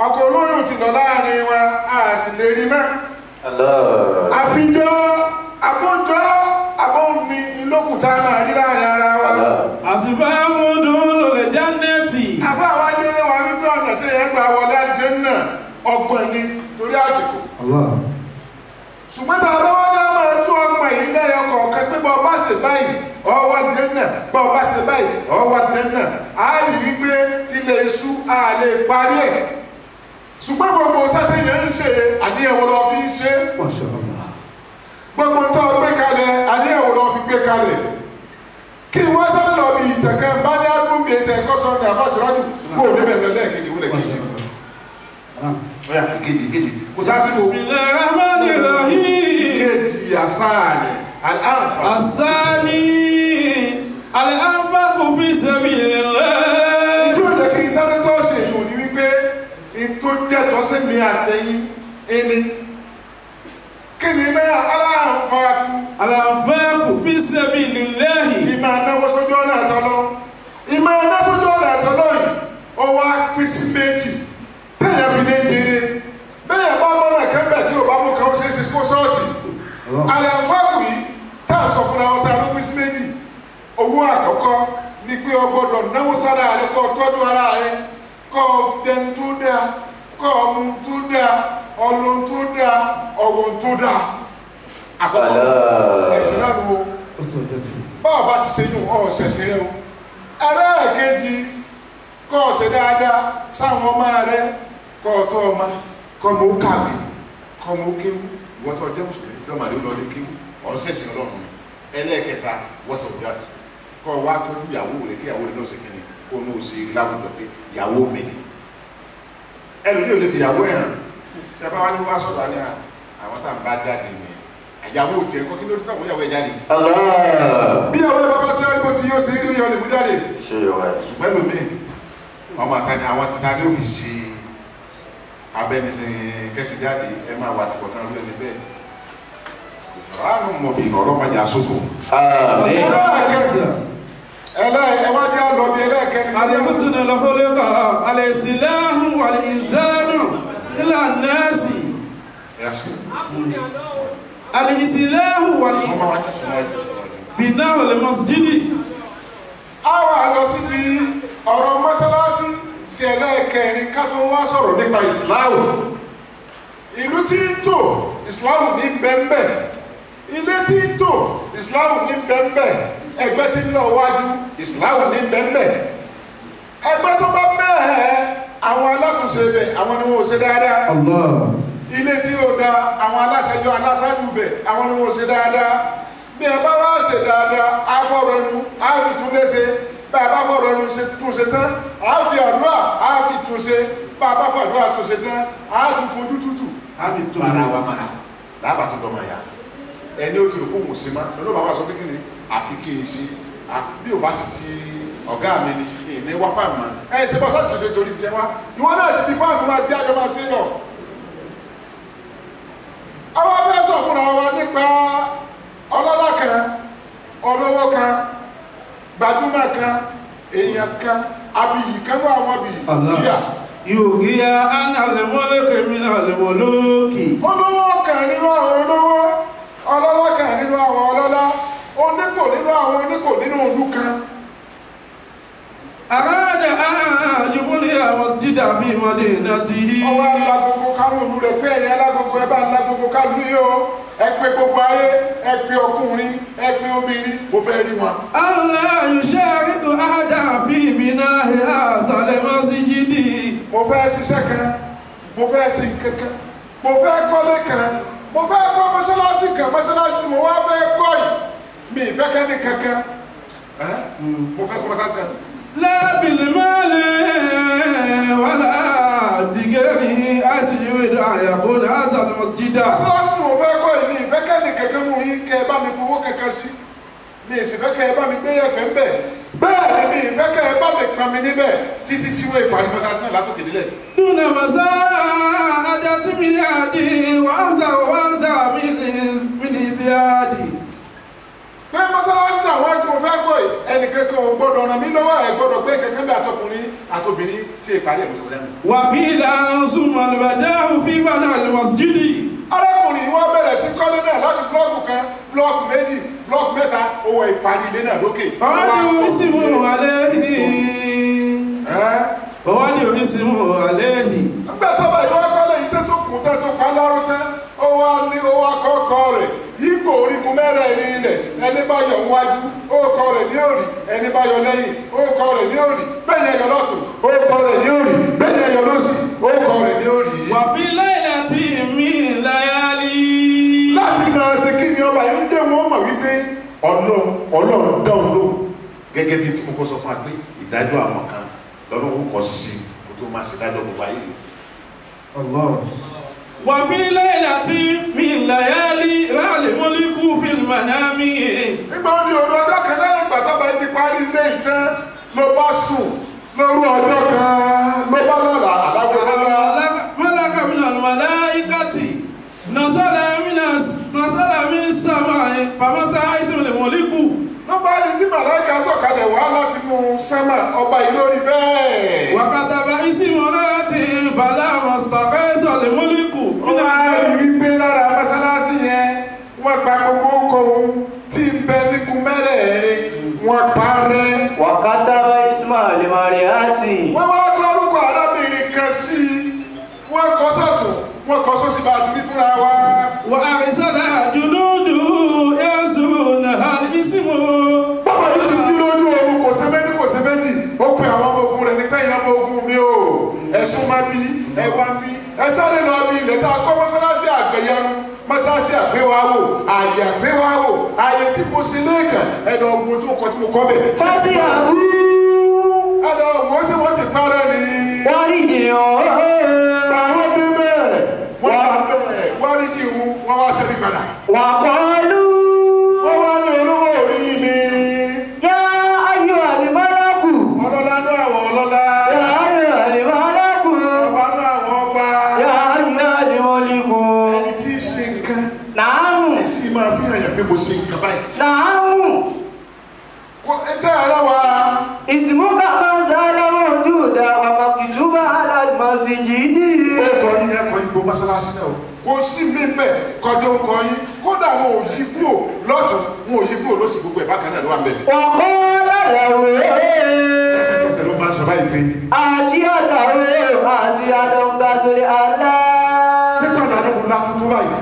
ọkọ̀ olóyún ti lọ láàrin wa a sì lè rí àfijọ́ lókùtà máa rí ara wa. àsìfẹ́ mọ́dún ló lè já àbá wa jẹ́ wa wípé wọlé àdìjẹ́ náà ọgbọ̀n ni torí pé bọ́ ọba ṣe báyìí ọwọ́ àdìjẹ́nà bọ́ ọba ṣe báyìí ọwọ́ àdìjẹ́nà á rí wípé tilẹ̀ iṣu á lè parí ẹ̀ ṣùgbọ́n gbogbo sátẹ́yìn ń ṣe àníyàwó lọ fi ń ṣe gbogbo tó gbé kalẹ̀ àníyàwó lọ fi gbé kalẹ̀ kí wọ́n sáré lọ bí ìtẹ̀kẹ́ bá ní àdúgbò bí ètò ẹ̀kọ́ sọ ní àfàṣọ́jú kó ní bẹ̀rẹ̀ lẹ́ẹ̀kejì wọlé kejì. kò sásìkò. bismillahir rahmanir rahim. kejì àsáàlẹ̀. الأنفق الثاني الأنفق في سبيل الله tí ó jẹ́ kí sáré tó ṣe ètò ní wípé ní tó jẹ́ tó ṣe mi àtẹ̀yìn ẹni kí ni náà aláǹfààkù. aláǹfààkù fi sabilillah. ìmọ̀ anáwó sójú ọ̀nà àtọ́lọ́ ìmọ̀ anáwó tá a sọ fúnra wọn tá a ló pín sí méjì owó àkọ́kọ́ ni pé o gbọ́dọ̀ náwó sára rẹ kó tọ́jú ara rẹ kó o tó dáa kó o tó dáa ọlọ́run tó dáa ọ̀wọ̀n tó dáa àkọ́kọ́ ẹ̀sìn náà ló bọ́ọ̀ bá ti ṣe yùn ọ̀ ṣẹ̀ṣẹ̀ rẹ o ẹlẹ́ẹ̀kejì kọ́ ọ̀sẹ̀ dáadáa sáwọn ọmọ rẹ kọ́ ọ̀tọ́ ọmọ kọ́ mọ́ kàwé kọ́ mọ́ kéwú ìwọ́tọ̀ jẹ́ mùsùlùmí lọ́màdé lọ́lé kéwú ọ̀n sẹ̀sìn ọlọ́run ni ẹlẹ́ẹ̀kẹta what's of that kọ́ wa tọ́jú ìyàwó rẹ̀ kí ìyàwó rẹ̀ náà ṣe kí ni kó náà ṣe láwùjọ pé ìyàwó mi ni ẹlòmíì ò lè fi ìyàwó ẹ̀ hàn ṣe bá wà ní wá sọ̀tà ní àwọn tá à ń bá jáde ni àyàwó tiẹ̀ kọ́ kí ló dé táwọn ìyàwó ẹ̀ jáde. bí ìyàwó ẹ̀ bá bá ṣe ẹ̀kọ́ tí yóò ṣe é yọ lèmú jáde. ṣùgbọ́n ẹlòmíì ọmọ àtàní àwọn títa ní òfìsì abẹ́nisìn kẹ́sì jáde ẹ máa wà tìkọ̀tàn lórí ẹni bẹ́ẹ̀ ránù mọ̀bí ọlọ́mọdé asòfò. ẹlẹ́ẹ̀wájú àlọ́bí ẹlẹ́ẹ̀kẹ́ni. àlẹ́mùsùn lọ́kọ́lẹ́kọ̀ àlẹ́sìlẹ́hùn wàlẹ́ìsẹ́nù ìlànà ẹ̀sì. àlẹ́sìlẹ́hùn wàlẹ́ìsẹ́nù bìnnà olùmọ̀síjìdì. àwọn àlọ́síbi ọ̀rọ̀ mọ́sálásí sí ẹlẹ́ẹ̀kẹ́rin ká tó wá sọ̀rọ̀ nípa ìsìláàmù ìlú tí ń tò ìsìláàmù ní bẹ́ẹ̀ bẹ́ẹ̀ ilé tí ń tò ìsìláàmù ní bẹ́ẹ̀nbẹ́ ẹgbẹ́ tí ń lọ wájú ìsìláàmù ní bẹ́ẹ̀nbẹ́ ẹgbẹ́ tó bá mẹ́ẹ̀ẹ́ àwọn alátúnṣe bẹ̀ àwọn ni wọn ṣe dáadáa ilé tí ó da àwọn aláṣẹjọ aláṣáájú bẹ̀ àwọn ni wọn ṣe dáadáa bí ẹ bá wá ṣe dáadáa bá a bá fọ̀rọ̀nu túnṣe tán àfi àdúrà àfi túnṣe bá a bá fàdúrà túnṣe tán àtúnfojú tútù tún ara ẹni ó ti rò kóhùn sí ma lọ́dọ̀ bàbá sọ pé kí ni àfi kí n ṣe bí ò bá sì ti ọ̀gá mi ni ìní wá pàmò ẹ ṣe bọ́ sáà tuntun torí tiẹ̀ wá ìwọ náà ti di báàmù máa di àjọ ṣe lọ. àwọn afẹ́ sọ fún wa nípa ọlọ́lá kan olówó kan gbajúmọ̀ kan èèyàn kan abiyì kan wà wọ́n bì yíyà yòògì ya ana lè mọ́lẹ́kẹ̀mí náà lè wọ́lọ́ọ̀kì. olówó kan nínú àwọn olówó oníkò nínú àwọn oníkò nínú ìlú kan àmáàdà ààyùkú ní àwọn jídà fi ìmọ̀dé láti hí ọwọ́ alágogo kálù ìlú rẹ̀ pé ẹ̀yìn alágogo ẹ̀bá alágogo kálù yìí o ẹ pè gbogbo ayé ẹ pè ọkùnrin ẹ pè obìnrin mo fẹ́ rí wọn. aláyùṣẹ́ àrídò àádá fi ìmìnà ìhà sàlẹ̀mọ́ sí jídì. mo fẹ́ ṣiṣẹ́ kan mo fẹ́ ṣe kankan mo fẹ́ kọ́lé kan mo fẹ́ kọ́ mọ́ṣáláṣí kan mọ́ṣáláṣí mo wá fẹ́ kọ́ yìí mi ìfẹ́ kẹ́ni kankan hmm, mo fẹ́ kọ́mọ́sá sí àná. lábìlì mẹ́lẹ̀ wàlá dìgẹ́rì àìsíyú ìdá àyàkó ní àzàlùmọ̀ jídà. sọ́wọ́n tí mo fẹ́ kọ́ ẹ̀ mi ìfẹ́ kẹ́ni kankan mú yín kẹ́ ẹ bá mi fowó kankan sí mi ìsì fẹ́ kẹ́ ẹ bá mi gbé yẹ̀pẹ̀ ńbẹ̀ bẹ́ẹ̀ ni mi ìfẹ́ kẹ́ ẹ bá mi pa mi níbẹ̀ títí tí wọ́n ìpàdé mọ́sá sí náà látòkè nílẹ̀. dúnà mọ́sá ajá tí mi ní àdì wàhálà mi ní sí pé mọ́sálásí àwọn tí mo fẹ́ kọ́ yìí ẹnì kankan ò gbọ́dọ̀ ràn mí lọ́wọ́ ẹ̀ gbọ́dọ̀ pé kankan bí àtọkùnrin àtobìnrin tí è parí ẹ̀mí tó wà á fi ilà sùn àlùbàdà òfin wà ní àlùmọ̀sídìdì. arákùnrin wọn bẹ̀rẹ̀ sí kọ́lé náà láti búlọ́ọ̀kù kan búlọ́ọ̀kù méjì búlọ́ọ̀kù mẹ́ta owó ìparí ilé náà lókè. ọ̀hún sì mú alẹ́ yìí. ọ̀hún ni oríṣi mú alẹ́ yìí. nígbà tó bá ìwọ́kọ́lẹ̀ yìí tó kù tẹ́ tó pa láró tẹ́ ní ó orígun mẹ́rẹ̀ẹ̀rin rẹ̀ ẹni bá yọ wájú orúkọ rẹ̀ ní òrì ẹni bá yọ lẹ́yìn orúkọ rẹ̀ ní òrì bẹ́ẹ̀ yẹn yọ lọ́tún rẹ̀ ní òrì bẹ́ẹ̀ yẹn lọ́sì orúkọ rẹ̀ ní òrì. wàfi láìlà tí mi láyálí. láti máa ṣe kí ni ọba yìí ń jẹ́ wọ́n mọ̀ wípé ọlọ́run ọlọ́run dáhùn ló gẹ́gẹ́ bí tí mo kọ́ sọ fún وفي ليلة من ليالي لا الملك في المنام nígbà ó di òru ọjọ́ kan náà ìgbà tó bá ti parí ilé ìtàn ló bá sùn lóru ọjọ́ kan ló bá lọ́la àbábọ́lá. mọ́láka mi nà lọ́mọdé ikati nasala mi nà nasala mi sàmà famasa àìsàn mọ̀lẹ́kù. ló bá rí tí màláìka sọ̀kalẹ̀ wá láti fún sẹ́mà ọba ìlórí bẹ́ẹ̀. wàkàtàbà ìsìn mọ́lá ti fàlà mọ̀sítàkẹ́sọ̀ lè mọ́lẹ́ wá rí wípé lára mọ́sálásí yẹn wọ́n gba gbogbo oko tí ń bẹ níkun mẹ́rẹ̀ẹ̀rin wọ́n parẹ́. wàkátá bá ismail mariati. wọ́n wá kọ orúkọ arábìnrin kan sí i wọ́n kọ sọ́tún wọ́n kọ sósì bá a ti rí fúnra wa. wà á rí sọ́dà dúdú yéésù náà ìsìnkú. bàbá yìí ti jí lójú oorun kò sí méjì kò sí méjì ó pe àwọn ọmọ ogun rẹ̀ nígbẹ̀yìn ọmọ ogun mi o ẹ̀sùn máa bí ẹ̀wá bí ẹ sáré lọ bí ilẹ̀ tá a kọ́ mọ́sálásí àgbẹ̀yanu mọ́sálásí àgbéwáwò àyè àgbéwáwò àyè tí mo ṣe lẹ́ẹ̀kan ẹ̀dọ̀ ogun tí mo kọ́ tí mo kọ́ bẹ̀. fásitì àbú. ẹ̀dọ̀ ogun ṣé wọ́n ti parẹ́ ni. wọ́n rí jìyàn. àwọn débẹ̀ wọ́n wá bẹ̀rẹ̀ wọ́n rí jìyàn wọ́n wá ṣe mo ṣe nǹkan báyìí. tààmù. kò mazala ara wa. ìsìnkú kàmá sálẹ̀ wọn dùn dà wàmà kìtúbà alàmọ̀sí jìdí. ó kọ́ ní ẹ̀kọ́ yìí bó mọ́sálásí náà o kò sí mi bẹ̀ kọjọ́ ń kọ yín kódà wọn ò yí kúrò lọ́tún wọn ò yí kúrò lọ́sì gbogbo ẹ̀ bákan náà ló wà mẹ́rin. ọ̀pọ̀ lọ́lẹ̀ wẹ̀ẹ́ ẹsẹ̀ ló máa ń sọ báyìí pé. àṣìyàtọ̀ rẹ̀ àṣìyàtọ̀ ń ga sórí àlá. ṣé kọ́ńtà ló kún lákútú báyìí.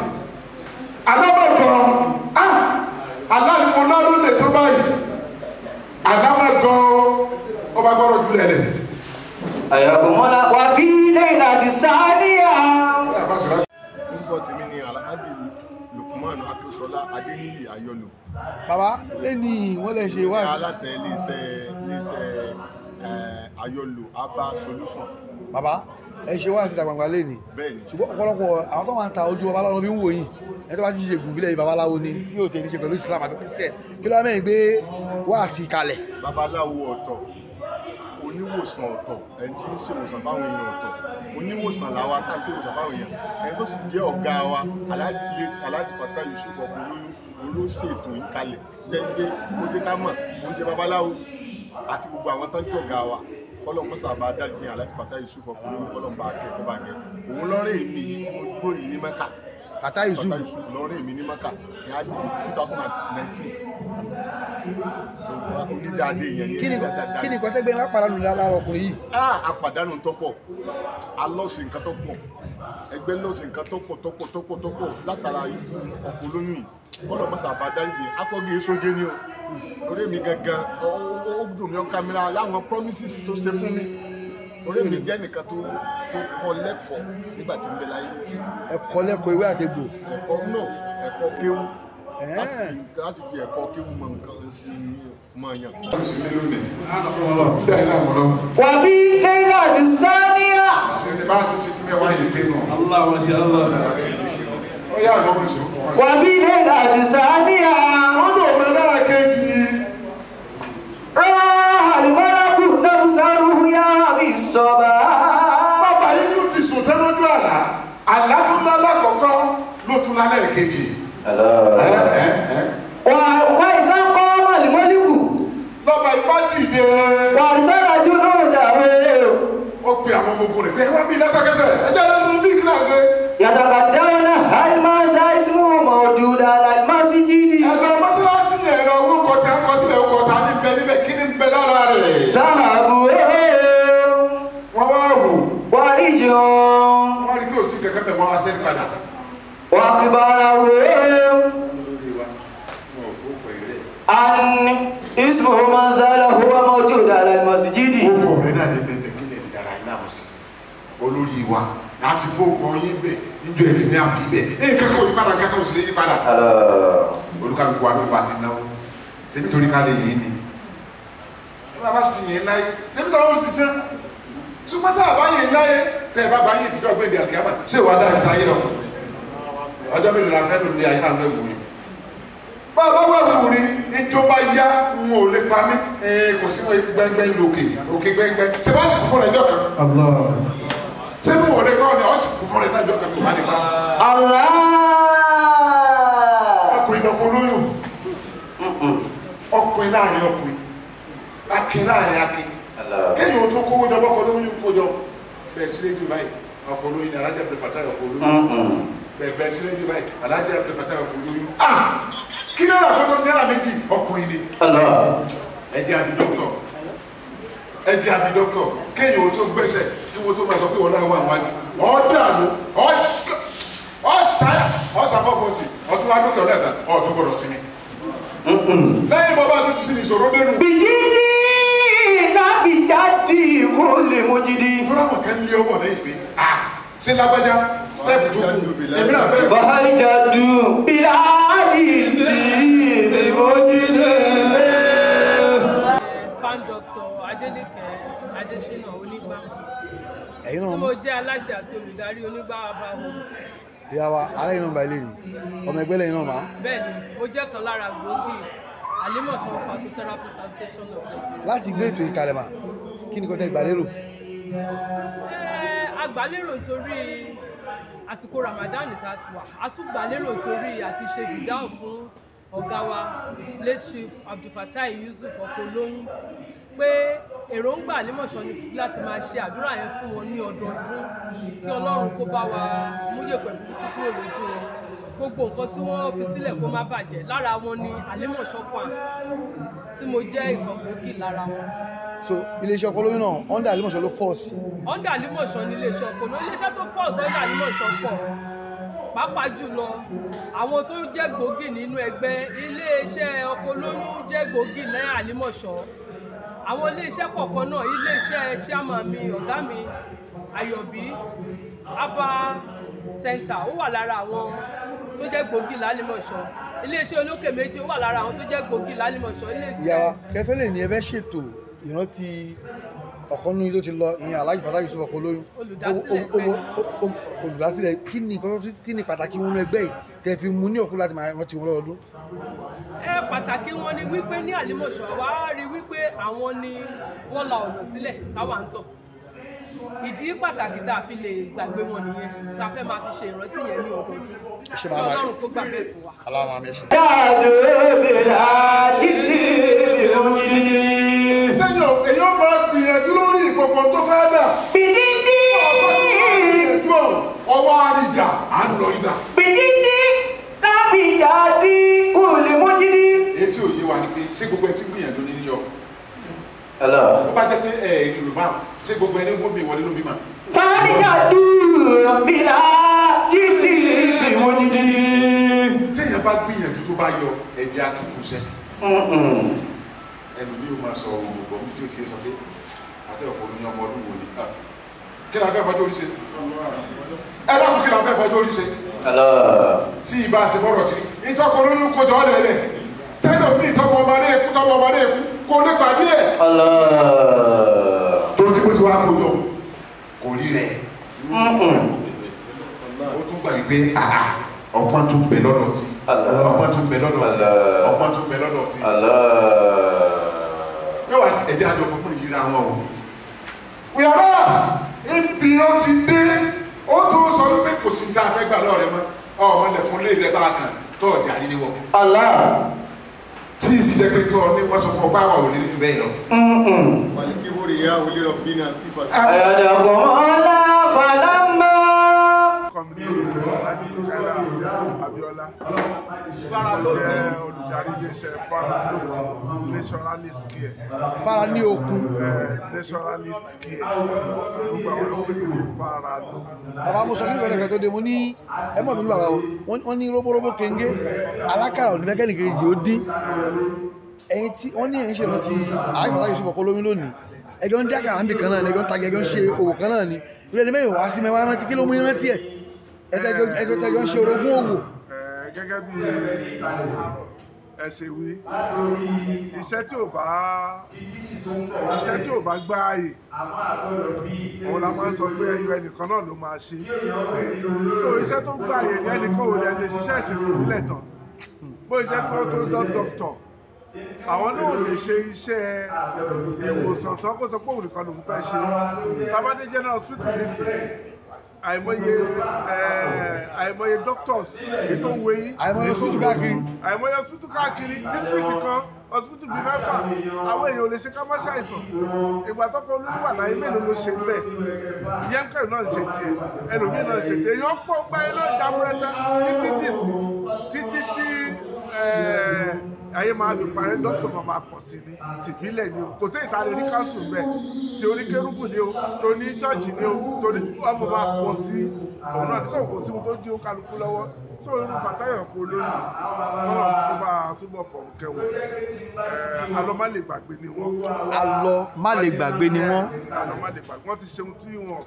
alábọ̀dọ̀ aláìmọ lọ́dún lè tó báyìí àdámọ̀ gan ọba gbọ́dọ̀ jùlẹ̀ rẹ̀. àyàbọ̀mọ́lá wà fi lẹ́yìn àti sáníyà. nígbà tí ni alhaji Lukman Akínsọ́lá Adéníyì Ayọ̀lò. bàbá lẹ́ni wọ́n lè ṣe wáṣí. aláṣẹ iléeṣẹ́ iléeṣẹ́ eh, Ayọ̀lò Aba Solution. bàbá ẹ ṣe wáṣí ìta lẹ́ni. bẹ́ẹ̀ni. ṣùgbọ́n ọ̀pọ̀lọpọ̀ àwọn tó máa ń ta ojú ọba lọ́rùn bí wò yìí ẹ tó bá ti ṣe gùnbílẹ̀ babaláwo ni tí yóò tẹ̀ ní ṣe pẹ̀lú Islam àti Christian kí ló mẹ́rin gbé wáàsí kalẹ̀. babaláwo ọ̀tọ̀ oníwòsàn ọ̀tọ̀ ẹni tí ń ṣèwòsàn báwọn èèyàn ọ̀tọ̀ oníwòsàn làwa tá a ṣèwòsàn báwọn èèyàn ẹni tó sì jẹ́ ọ̀gá wa Alhaji Fatai Yusuf Ọpọlọyún olóṣètò yìí kalẹ̀ tó jẹ́ pé ó jẹ́ ká mọ̀ kó ń ṣe babaláwo àti gbogbo àwọn tó ń jẹ́ ọ̀gá wa kọlọ mọsà bá dájú ní Alhaji Fatai Yusuf Ọpọlọyún kọlọ bá kẹ kọ bá kẹ òun lọrẹ èmi yìí tí mo dúró yìí ní Mẹ́kà Ata Yusuf Ata Yusuf lọ́rẹ́ èmi ní maka ní adi two thousand and nineteen onídàádé yẹn ní ẹni dáadáa. kí ni nǹkan tẹ́gbẹ́ wá pàdánù lára ọkùnrin yìí. a pàdánù tọ́pọ̀ a lọ́ọ̀sì nǹkan tọ́pọ̀ ẹgbẹ́ lọ́ọ̀sì nǹkan tọ́pọ̀ tọ́pọ̀ tọ́pọ̀ tọ́pọ̀ látara ikú ọkọ̀ olóyún yìí kọ́lọ̀ mọ́sà àbádáyé akọ́gé sóge ni o torí mi gangan ó dùn mí ọ́n kámẹ́rà láwọn promises tó ṣe fún mi torí mi jẹ́ nìkan tó tó kọ́ lẹ́kọ̀ọ́ nígbà tí n bẹ láyé. ẹ̀kọ́ lẹ́kọ̀ọ́ ewé àtẹ̀gbò. ẹ̀kọ́ náà ẹ̀kọ́ kéwú láti fi ẹ̀kọ́ kéwú mọ nǹkan sí mọ̀ yàn. wà á fi kẹ́hìn àti sáníà. ṣe bá ti ṣe ti mẹ́wàá yìí pé náà. Allah wa ṣe Allah. wà á fi kẹ́hìn àti sáníà. sọ́ba. bàbá yìí tún ti sùn tẹ́lójú àlá àlá tó ń lálẹ́ àkọ́kọ́ ló tún lálẹ́ kejì. wà wá ìsá kọ́ màlúmọ́líkù. lọ́ba ìpá wà ìsá rajú náà dàrú. ó pe àwọn gbogbo rẹ̀ pé wọ́n bí lẹ́sẹ̀kẹsẹ̀ ẹ̀jẹ̀ lẹ́sẹ̀ bí ní bẹ níbẹ̀ kí ni bẹ lára o. wọ́n rí kí o sí kẹ̀kẹ́ bẹ̀ wọ́n wá sẹ́yìn padà. ala almasjidi. ó kọ̀ mẹ́ta ní bẹ̀rẹ̀ kí lè dara iná mọ̀ sí olórí wa láti fóòkọ yín bẹ̀ níjọ ẹ̀ ti ní àfi bẹ̀ ẹ̀ kẹ́kọ̀ọ́ yípadà kẹ́kọ̀ọ́ sì lè yípadà. olùkàlùkù wa ló wà ti náwó ṣé nítorí ká lè yín ni. ẹ bá bá sì ti yẹn láyé ṣé bí táwọn sì sẹ́ ṣùgbọ́n a bá yẹn láyé tẹ́ ẹ bá bá yẹn ti dọ́gbé di àkíyàmà ṣé ìwà dáa ta yé lọ. ọjọ́ mi nira fẹ́ mi ní ayé àwọn ẹ̀wù mi. bá a bá wà wù rí ìjọba yá n ò lè pa mí kò sí wọn gbẹngbẹ lókè òkè gbẹngbẹ ṣé bá sì kú fún ẹjọ́ kan. ṣé bí wọ́n lè kọ́ ni ọ́ sì kú fún ẹjọ́ kan tó bá lè pa. àlá. ọkùnrin náà kò lóyún ọkùnrin láàrin ọkùnrin akin láàrin akin kéèyàn tó kówó jọ bọ́kọ bẹ́ẹ̀ sílẹ̀ jù báyìí ọkọ̀ olóyin alájà Abdul Fatai ọkọ̀ olóyin bẹ́ẹ̀ bẹ́ẹ̀ sílẹ̀ jù báyìí alájà Abdul Fatai ọkọ̀ olóyin ah! kí náírà kọ́tọ́ náírà méjì ọkùnrin ni ẹ jẹ́ àbí dọ́kítọ̀ ẹ jẹ́ àbí dọ́kítọ̀ kéèyàn tó gbẹ́sẹ̀ kí wọ́n tó máa sọ pé wọ́n náà wà wájú ọ̀dàlú ọ̀sà ọ̀sà fọ́fọ́tì ọ̀tún wá dọ́kítọ̀ lẹ́ẹ̀ta ọ̀tún gbọ́dọ̀ sí ni lẹ́yìn bọ́bá tó ti sí ni ìṣòro dẹnu. bìyí abijadi kúrò lè mọ jìdí. fúnra mọ̀ kẹ́ lé ọmọ lẹ́yìn pé a lágbájá step tó èmi náà fẹ́. bahija dùn bíláàdì lè mọ mo jẹ́ aláṣẹ àti olùdarí onígbàmù wọn ìyá wa aláìnàmbá ilé ni ọmọ ẹgbẹ́ lẹ́yìn náà máa. bẹ́ẹ̀ni mo jẹ́ kan lára gbòógì Àlímọ̀ṣọ́ Phototherapist Association of Nigeria. láti gbé ètò ìkàlẹ̀ mà kí ni kọ́tà ìgbàlérò. àgbàlérò eh, torí àsìkò Ramadan tá a ti wà àtúgbàlérò torí àti ṣe fìdáù fún ọ̀gá wa late chief Abdulfatai Yusuf Ọkọlóhùn pé èròǹgbà Àlímọ̀ṣọ́ ni láti máa ṣe àdúrà yẹn fún wọn ní ọdọọdún kí Ọlọ́run kó bá wa múyè pẹ̀lú kúrò lójú wọn gbogbo nǹkan tí wọ́n fi sílẹ̀ kó má bàjẹ́ lára wọn ni àlẹ́mọ̀ ṣọ́pọ̀n tí mo jẹ́ ìkan gbòógì lára wọn. so iléeṣẹ́ ọkọ lóyún náà ọ̀ndà àlẹ́mọ̀ṣọ́ ló fọ́ sí. ọ̀ndà àlẹ́mọ̀ṣọ́ ni iléeṣẹ́ ọkọ náà iléeṣẹ́ tó fọ́ ọ̀sẹ̀ ọ̀ndà àlẹ́mọ̀ṣọ́ pọ̀ pàápàá jùlọ àwọn tó jẹ́ gbòógì nínú ẹgbẹ́ iléeṣẹ́ ọkọ lóyún jẹ́ gbòógì lẹ́yìn àlẹ́mọ̀ṣọ́ abba center ó wà lára àwọn tó jẹ́ gbòógì lálìmọ̀ṣọ́ iléeṣẹ́ olókè méjì ó wà lára àwọn tó jẹ́ gbòógì lálìmọ̀ṣọ́ iléeṣẹ́. ìyá wa kẹtẹlẹ ni ẹ fẹ́ ṣètò ìrántí ọ̀kan nínú tó ti lọ ìyẹn aláàjì fàdáyì sọ ọkọ lóyún olùdásílẹ̀ kí ni kí ni pàtàkì wọn ẹgbẹ́ yìí tẹ́ fi mú ní òkú láti máa rántí wọn lọ́dún. ẹ pàtàkì wọn ni wípé ní àlìmọ̀ṣọ́ wa rí wípé àwọn ni wọ́n la ọ̀nà sílẹ̀ táwa ń tọ̀ ìdí pàtàkì tá a fi lè gbàgbé wọn nìyẹn tá a fẹ́ máa fi ṣe ìrántí yẹn ní ọdọọdún kí ọlọ́run kó gbàgbé fún wa. aláwọ̀ àmì ẹ̀ṣẹ̀. yáàdó bèèrè àdìdì ìròyìn. èyí ó máa gbìyànjú lórí ìkọ̀kọ̀ tó fẹ́ dà. bìdìdì. ọwọ́ àríjà àánú lọ rí gbà. bìdìdì tábìjà dín kùlùmọ́jídì. etí òye wa ni pé ṣé gbogbo ẹ ti gbìyànjú ní New York hello. ó bá jẹ́ pé ẹ eh, yorùbá ṣé gbogbo ẹni wọ́n bí wọlé ló mà. fárígà dùn bílà jíjí ìwọ jíjí. téèyàn bá gbìyànjú tó bá yọ ẹ̀jẹ̀ akíkúṣẹ́. Mm-hmm. ẹnu mi ò máa sọ ọmọ ọgbọ mi tí o ti sọ pé àtẹ̀wọ̀pọ̀ ló ní ọmọ ọdún wo ni ah. kí ni a fẹ́ fọjọ́ orí ẹ bá kún kí ni a fẹ́ fọjọ́ orí ṣe tí ìbá ṣe bọ́rọ̀ tí ìtọ́kọ̀ olóyún kojọ́ ọ̀lẹ́lẹ̀ tẹ́lọ̀ mí ìtọ́kọ̀ ọmọ alẹ́ èkú tọ́mọ ọmọ kò ní pàdé ẹ̀. tó ti kó ti wá kó lọ kò rí rẹ̀ ó tún gbà pé ọgbọ́n tún bẹ lọ́dọ̀ tí ọgbọ́n tún bẹ lọ́dọ̀ tí ọgbọ́n tún bẹ lọ́dọ̀ tí. mẹ́wàá ẹ̀jẹ̀ àjọ fún fún ìyíra wọn o. we are not ibi ó ti dé ó tún sọ wípé kò sí tá fẹ́ gbà lọ́rẹ̀ mọ́ ọmọ ilẹ̀kùn lé ìdẹ́ta kan tó ọ̀jà níwọ̀ tí ìsì jẹ́ pé tó ọ ní wọ́n sọ fún ọgbà àwọn òní bẹ́ẹ̀ náà. wàlíkí wúri yá olè rọ̀ bí náà sí fàtí. Ah. àyàdàgbọ̀n ọlá fàlámà kọ́mìtì ẹ̀rọ Abíọ́lá tó jẹ́ olùdarí iléeṣẹ́ Fara Naturalist Care. Fara ní okun. Naturalist Care gbogbo àwọn olóògbé Fara ló. bàbá mo sọ fún ìbẹ̀rẹ̀ kan tó dé mo ní ẹ mọ̀ mi bàbá o wọ́n ní róbóróbó kéńgé alákàrà òdìmẹ́kẹ́ nìkan yìí ó dín ẹ̀yin tí wọ́n ní ẹ̀yin ṣe lọ ti àgbàlá Yusuf ọkọ lóyún lónìí ẹjọ́ ń dákà àmì kan náà ni ẹjọ́ ń tagi ẹjọ́ ń ṣe òwò kan náà ni ìrẹ́ni wá sí mẹ́wàá rántí kí ló mú yín rántí ẹ̀ ẹjọ́ tẹjọ́ ń ṣe orogún òwò. gẹ́gẹ́ bí ẹ wí iṣẹ́ tí ò bá gbá ààyè òun la máa sọ pé ẹyọ ẹnìkan náà ló máa ṣe so iṣẹ́ tó gbá ààyè ní ẹnìkan ò lè lè ìṣèlú ìbílẹ̀ tán bó jẹ́ pé tó dán dọ́kítọ̀ àwọn náà lè ṣe iṣẹ́ ìwòsàn tán kó sọ pé òun nìkan lòun fẹ́ ṣe tábàdé general hospital àìmọye eh, àìmọye doctors ètò òwe yìí àìmọye hospital káàkiri àìmọye hospital káàkiri district kan hospital bíi mẹ́fà àwọn èèyàn ò lè ṣe ká má ṣàìsàn ìgbà tọkọ olóyún wà láyé mélòó ló ṣe bẹ́ẹ̀ yẹnkẹ náà ṣe tiẹ̀ ẹlòmíín náà ṣe tiẹ̀ èèyàn pọ̀ gbáyé náà jábúrẹ́tà títí dìsí títí tí ẹ̀ẹ́. Eh, ayé máa fi parẹ́ dọ́tọ̀ máa máa pọ̀ sí ni tìbílẹ̀ ni o kò sí ìtàlẹ̀ ní káńsù bẹ́ẹ̀ tí oníkérúbù ni o tó ní chọ́ọ̀chì ni o tó ní ọmọ máa pọ̀ sí òun náà nísòwò kò sí ohun tó dín kálukú lọ́wọ́ sí òun irú bàtáyọ̀ kó lóyún ọlọ́run tó bá túbọ̀ fọ̀ kẹwọn alọ́ má lè gbàgbé ni wọ́n. alọ́ má lè gbàgbé ni wọ́n. alọ́ má lè gbàgbé wọ́n ti ṣe ohun tí wọn ò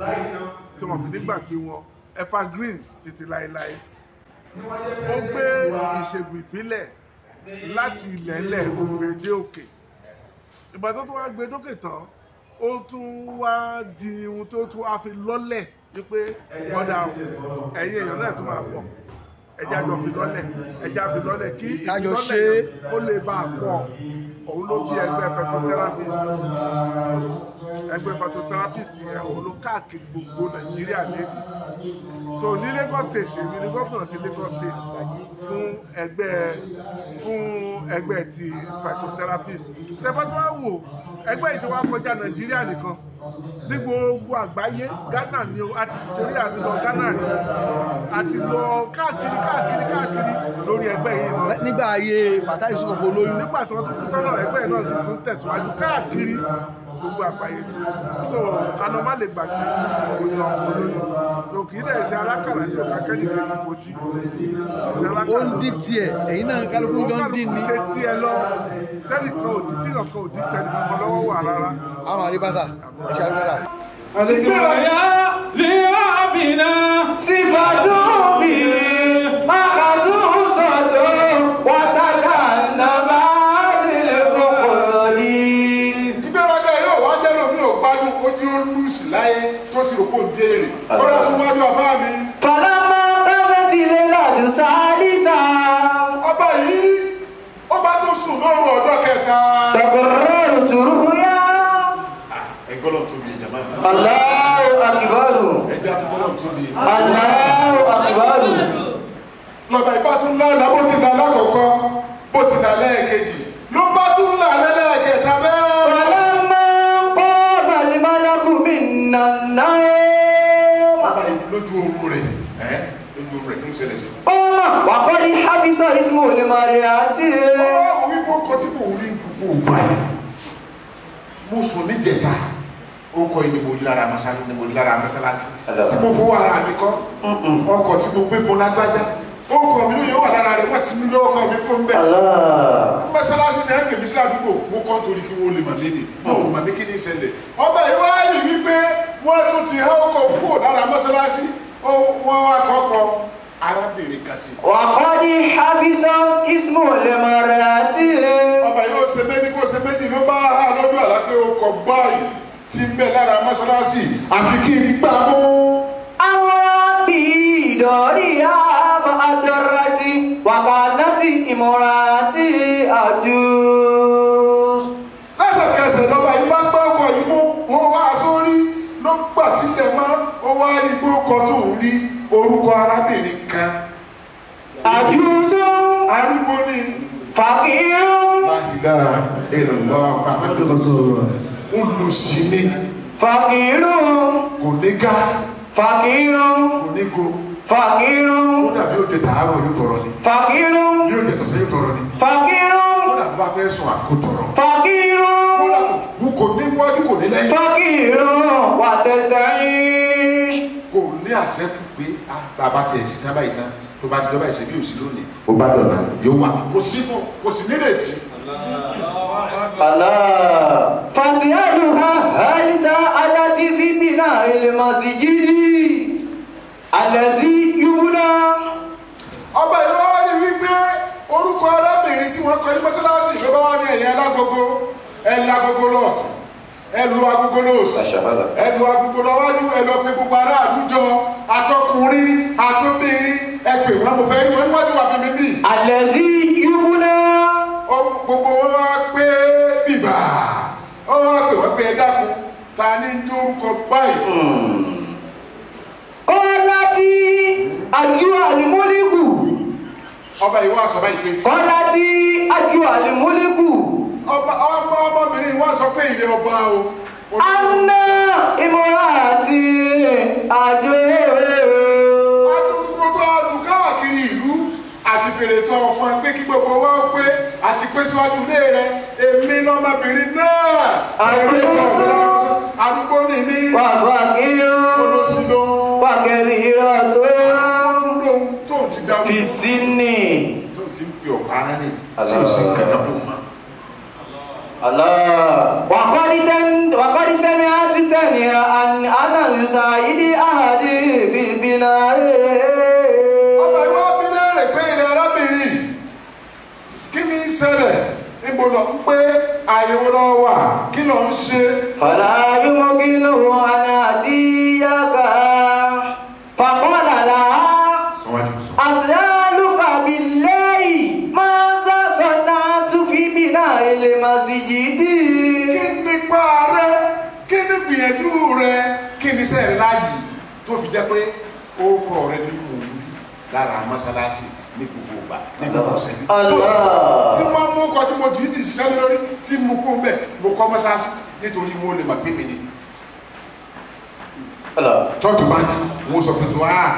tí wọn fi nígbà kí wọn evergreen títí láéláé ó gbé ìṣègùn ìbílẹ̀ láti ilẹ̀ẹ́lẹ̀ òwe òkè ìgbà tó wá gbé dókè tán ó tún wá di ohun tó tún wá fi lọ́lẹ̀ wípé ọ̀dà ẹ̀yìn èèyàn náà tún máa pọ̀ ẹja jọ fi lọ́lẹ̀ ẹja fi lọ́lẹ̀ kí ìlọ́lẹ̀ ó lè bá a pọ̀ òun ló bí ẹgbẹ́ fẹ́tọ́ therapist ẹgbẹ́ phototherapist yẹn òun ló káàkiri gbogbo nàìjíríà lẹ́nu so ní lagos state èmi ni gómìnà ti lagos state fún ẹgbẹ́ fún ẹgbẹ́ ti phototherapist tẹ́fọ́tọ́ wò ẹgbẹ́ yìí ti wá kọjá nàìjíríà nìkan ní gbogbo àgbáyé ghana ni o àti torí àti lọ ghana ni àti lọ káàkiri káàkiri káàkiri lórí ẹgbẹ́ yìí lọ. nígbà ayé fàtà yusuf olóyún. nígbà tí wọ́n tún tún sọ́nà ẹgbẹ́ náà sì tún tẹ̀síwájú káàkiri gbogbo àgbáyé dúró so anamá lè gbàgbé òyìn ọkọ lóyún so kì í dẹ̀ ṣe alákàrà tí ọ̀ka kẹ́ni kejì kò jí ó ń dín tiẹ̀ ẹ̀yin náà kálukú gan dín ní. ṣe tiẹ̀ lọ tẹ́nìkan ò dín tẹ́nìkan ò dín tẹ́nìkan kan lọ́wọ́ wà rárá. àwọn àríbáṣà ẹ̀ṣẹ̀ àríbáṣà. àlejò àyà lè rà bìnnà sífà tó bìnnà. Olha fún o àfáà mi. rẹ̀ fún ìṣẹ̀lẹ̀ sí. ó mọ̀ wà kọ́ ní hábísọ̀ ismu ní maria àti rẹ̀. ọlọ́run wípé ó kọ tí mò ń rí gbogbo ògbà yìí mo sùn ní jẹta orúkọ yìí ni mo rí lára mọ́sálásí ni mo rí lára mọ́sálásí tí mo fowó ara mi kọ́ ọkọ̀ tí mo gbé mo lágbájá orúkọ mi ló yẹ wà lára rẹ̀ wọ́n ti ní lọ́kọ̀ mi kó ń bẹ̀. mọ́sálásí ti rẹ́ gbèmí sí àdúgbò mo kọ́ torí kí wọ́n lè mà mí ni wọ́n mà mí kí ni ìṣẹ̀lẹ̀ ọba ìwádìí wípé wọ́n tún ti ọkọ̀ kúrò lára mọ́sálásí wọ́n wá kọ́kọ́ arábìnrin kan sí. wàkọ́dí hafizan ismu lemọ̀rẹ́ àti. ọba yóò ṣe méjì kó ṣe méjì ló bá a lọ́dún àlápẹ́ ọkọ̀ báyìí ti ń bẹ lára mọ́ṣáláṣí àfi kí n gbà mú. àwọn bí ìdọ̀rí àbá àdọ́rẹ́tì wàkàndátì ìmọ̀ràn àti àdúró. lẹ́sẹ̀kẹsẹ̀ lọ́ba yìí bá gbọ́ ọkọ̀ yìí mú wọn wá sórí ló gbà tí tẹ̀ mọ́ ó wá rí gbó kan tó rí orúkọ arábìnrin àjùsọ arúgbó ni fàkìrù. láyìlá ìrànlọ́ àpàtàkùnrin olùsí ni. fàkìrù. kò ní ká. fàkìrù. kò ní go. fàkìrù. ó dàbí ó jẹ tààrọ̀ yóò tọrọ ni. fàkìrù. yóò jẹ tọ̀sán yóò tọrọ ni. fàkìrù. ó dàbí wàá fẹ́ sùn àfikún tọrọ. fàkìrù. kò ní wájú kò ní lẹ́yìn. fàkìrù wà tẹ̀tẹ̀ rí. kò ní àṣẹ́kù pé bàbá tiẹ̀ sí tábà ìtàn tó bá ti dọ́bà ìṣe bí òsì lónìí ó bá dọ̀la yóò wà kò sí fún kò sí nírètí. fàṣíàdù ha hàlísà aláti fídì náà ìlèmọ̀sí jíjí alẹ́ sí yúbúná. ọba ìlọ́wọ́ ni wípé orúkọ arábìnrin tí wọ́n kọ ní mọ́ṣáláṣí ìjọba wa ní ẹ̀yìn alágogo ẹ̀yìn agogo lọ́ọ̀tún ẹlò agogolos ẹlò agogolos ọwájú ẹlò pé gbogbo aráàlú jọ atọkùnrin atọbìnrin ẹpè wọn mo fẹ́ rí wọn níwájú wà fún mi bì. àlẹ́sí yúkúná. gbogbo wọn wá pé bìbà wọn wá pè wọn pé ẹ ta ni tó ń kọ báyìí. kọ́lá hmm. tí ayé àlùmọ́lẹ́kù. ọba ìwọ àṣọ báyìí pé. kọ́lá tí ayé àlùmọ́lẹ́kù ọmọ ọmọbìnrin wọn sọ pé ìrẹ ọba o. anna ìmọ̀ra àti àjò èrè. gbogbo ọdún káàkiri ìlú àti fèrè tó fún ẹ pé kí gbogbo wa ó pé àti pé síwájú ilé rẹ èmi lọmọbìnrin náà. àgbẹ̀wòsàn arúgbó ni mí. wàá kí ló wà kẹ́lí irọ́ tó fi sí ni. tó ti fi ọ̀pá rẹ̀ tí o sì ń kẹta fún un. وقد سمعت تنيا أن أنا لسعيد أحد في البناء ọba ìwọ abiná rẹ pé ilẹ̀ arábìnrin kí ni í ṣẹlẹ̀ ibo lọ ń pé àyẹ̀wò wà kí lọ ń ṣe. fàlàyé mọ́kí lòun àná àti yàgà. ilé masijidi. kí nípa rẹ kí ní gbìyànjú rẹ kí ní sẹ́ẹ̀ láàyè tó fi jẹ́ pé ó kọ̀ rẹ nínú òun lára mọ́sálásí ní gbogbo ìgbà ní gbogbo ọ̀sẹ̀ tí wọ́n mú kọ tí mo dì í lórí tí mo kó mbẹ́ mo kọ́ mọ́sálásí nítorí mo lè mà gbé mi ni. tọ́jú bá ti mo sọ fún tiwa ah,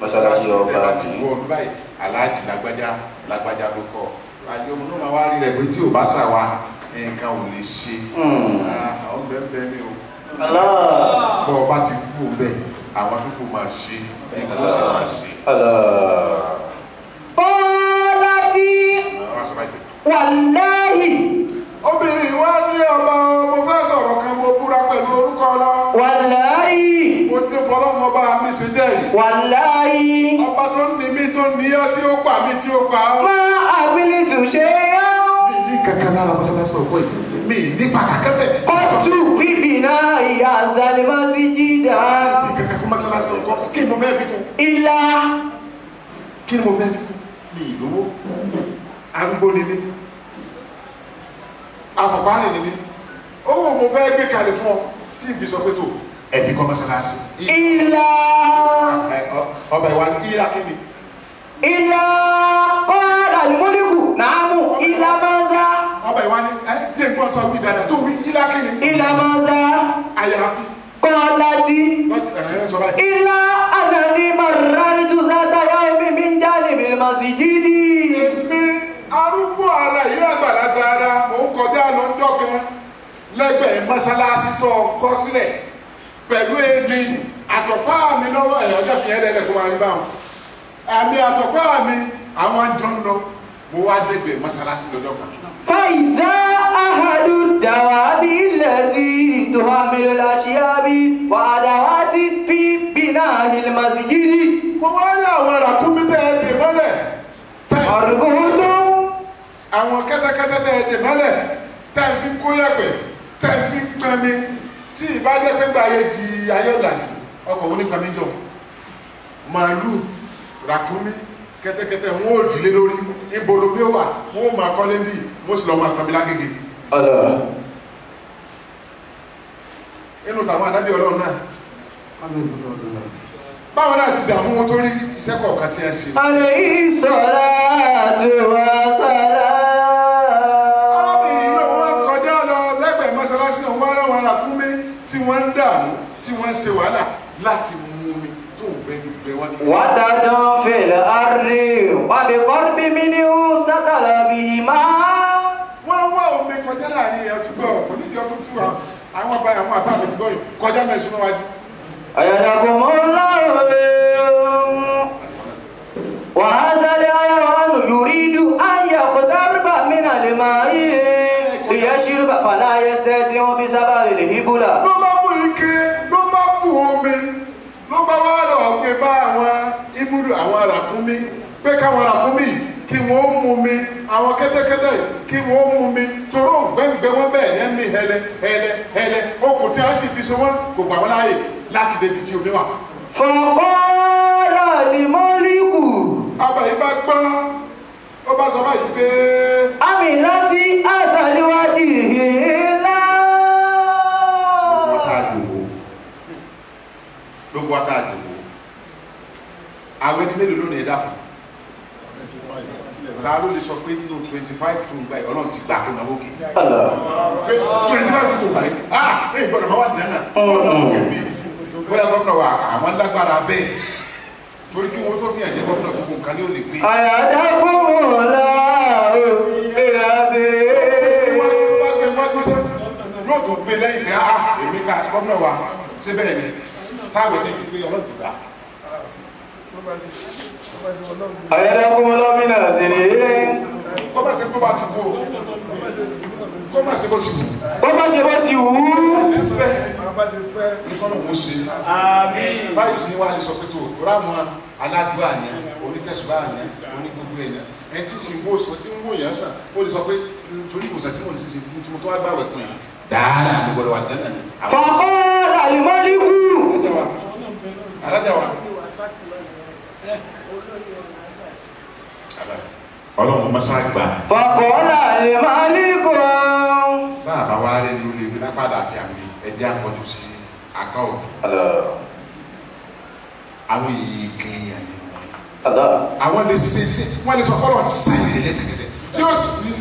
mọ́sálásí ọba ti wọ́n báyìí aláàjì lágbájá lágbájá ló kọ́ àjọ òun náà máa wá rí rẹ̀ pé tí ò bá sà wá nǹkan ò lè ṣe hmm. ah, àwọn bẹ́ẹ̀ mi ò bọ́ ọba ti kú bẹ́ẹ̀ àwọn tó kù máa ṣe nǹkan ó sì máa ṣe. Kọ́lá tí wàláhì. ọlọ́run ọba mi ṣe jẹ́rìí. wàláyé. ọba tó ní mi tó ní ọ tí ó pa mi tí ó pa ọ. má àbílí tù ṣe é ó. mi ní kankan lára wọn sábà sọ pé mi ní pàtàkì bẹ́ẹ̀. kọ́tù bíbí náà ìyá àzàlẹ́mọ́ sí jíjà. mi kankan kó mọ́sálásí ọkọ kí ni mo fẹ́ fi kún. ìlà. kí ni mo fẹ́ fi kún. mi ìlówó arúgbó ni mí afọ̀pá ni mí owó mo fẹ́ gbé kalẹ̀ fún ọ tí ì fi sọ pé tó ẹ fi kọ́ mọ́sálásí. ìlà. ọba ìwà ìlà kí ni. ìlà kọ́ra ìmọ̀lẹ́kù nàámu ìlà mọ́sá. ọba ìwà ni ẹ dé nǹkan tó wí dáadáa tó wí ìlà kí ni. ìlà mọ́sá. àyàfi. kọ́lá ti. ìlà ànàní màrání tùsà táyà mi mi ń jáde mi lè má sí jídì. èmi arúgbó ara ìyá àgbàlagbà ara mò ń kọjá lọ́jọ́ kan lẹ́gbẹ̀ẹ́ mọ́sálásí tó kọ́ sílẹ̀ pẹ̀lú ebi àtọ̀pá mi lọ́wọ́ ẹ̀ ọjọ́ fi yẹn lẹ́lẹ̀ kó máa rí báwọn àmì àtọ̀pá mi àwọn jọ ń lọ mo wá dẹ́gbẹ̀ẹ́ mọ́sálásí lọ́jọ́ kan. fàìsà ahadu dàwà bí ilẹ̀ tí ìtò àmìlélà ṣe á bí wàdàwà ti fi bínà ìlmàsí yìí. mo wá rí àwọn àràkúmí tẹ́ ẹ dè mọ́lẹ̀. ọ̀rùn tó. àwọn kẹ́tẹ́kẹ́tẹ́ tẹ́ ẹ dè mọ́lẹ̀ tẹ́ ẹ fi kó yẹ̀pẹ̀ tẹ́ ẹ fi pẹ́mi tí ìbájẹ́ pé gba ayé di ayé ọ̀làjú ọkọ̀ wọn nìkan níjọ màálù ràkúnmí kẹ́tẹ́kẹ́tẹ́ wọn ò dìlé lórí níbo ló gbé wà wọn ò máa kọ́lé bí wọn sì lọ máa tàn lágége. inú tàwọn àdábì ọlọ́run náà báwọn náà ti dààmú wọn torí iṣẹ́ kọ̀ọ̀kan tí ẹ ṣe. àlè ìṣọ̀rá àti wàásàlá. wọ́n ń dààmú tí wọ́n ń ṣe wàhálà láti mú mi tó gbẹ́ni gbẹ́ wọn. wàdàdàn fèlè àrí wàbí kọ́rbí mi ní ó sátàlà bí i máa. wọ́n wá omi kọjá láàrin ẹ̀ ti gbọ́ kò nídìí ọtún tú àwọn ọba àwọn àbá àbẹ̀tí gbọ́ yìí kọjá mẹ́sùn náà wájú. àyàdà kò mọ́ láàrin wàhálà lẹ́yìn yòrídù ayé ọ̀kọ̀dárúbà mìíràn lè máa yí ìyẹ́sírúbà fàlàyé stẹ́ẹ̀tì wọn bí sábà lè híbùlà omi ló bá wá lọ pé bá àwọn ibùdó àwọn àràkúnmí pé káwọn àràkúnmí kí wọ́n ó mú mi àwọn kẹ́tẹ́kẹ́tẹ́ kí wọ́n ó mú mi toró gbẹ́ngbẹ́ wọn bẹ́ẹ̀ yẹn mi hẹlẹ hẹlẹ hẹlẹ okùn tí a sì fi so wọn kò gbà láàyè láti débi tí omi wà. fọ̀kọ́ lọ́ọ̀lì mọ́líkù. àbàyí bá gbọ́ ó bá sọ báyìí pé. nínú twenty five tó ń gbà yìí ọlọ́run ti gbà tó náwó kì í. pé twenty five tó gbà yìí ah ẹ̀yìn gbọ́dọ̀ máa wà ní dáná ọlọ́run kẹ́mi bóyá gómìnà wa àwọn lágbára bẹ́ẹ̀ torí kí wọ́n tó fi àjẹ́ gómìnà gbogbo nǹkan ní ó lè gbé. àyàdá gbogbo láàrú ìrásílẹ̀ yóò tún gbé lẹ́yìn pé ah èmi ká gómìnà wa ṣé bẹ́ẹ̀ ni táwọn ti ti gbé ọlọ́run ti gbà ayẹ́dẹ́kùn ọlọ́mìnà sí ni kó má ṣe kó bá ti wù ó kó má ṣe kó ti wù. kó má ṣe kó ti wù ú. fẹ́ kọ́nà òun ṣe. fáìsì ni wàá lè sọ pé tó ráàmù aládùúgbò àyàn on, àyàn onígbogbo ẹ̀yàn ẹ̀ tí ti wò sàn tí ń wò yàn sàn ó lè sọ pé torí ìwòsàn tí mò ń ti ṣe tí mo tó wá gbàwẹ̀ pin dáadáa ló gbọdọ̀ wà dáadáa ni. fàkọ́ àlùmọ́lì kù. alájà wa alájà wa ọlọ́run mọ́ṣá gbà. fàkọ́lá lè máa ní kan. bá bá wá rí ni ó lè gbéná padà kí àmì ẹjẹ́ àkọ́jú sí aká òtún. àwọn èyí kẹ́yìn àmì wọn. àwọn lè ṣe ṣe wọ́n lè sọ fọ́lọ́ ti sáyìn lè lẹ́sẹ̀kẹsẹ̀ tí ó sì ní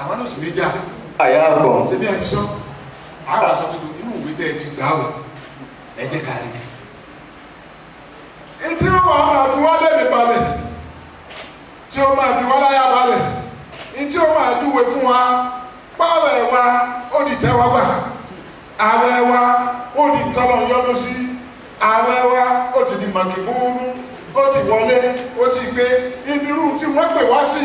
àwọn náà sì ní jà. àyà àgbọ̀. ṣé bí sọ àwọn aṣọ tuntun inú ìwé tẹ́ ẹ ti gbà ó ẹ̀jẹ̀ kárí. etí wọn máa fi wá lẹ́mìí balẹ̀ tí ó máa fi wá láyà balẹ̀ ní tí ó máa júwe fún wa pààrọ̀ ẹ̀ wa ó di tẹ́wọ́gbà ààrẹ wa ó di tọ́lọ̀ yọ́nú sí ààrẹ wa ó ti di màkìbúrú ó ti wọlé ó ti gbé ibirú tí wọ́n pè wá sí.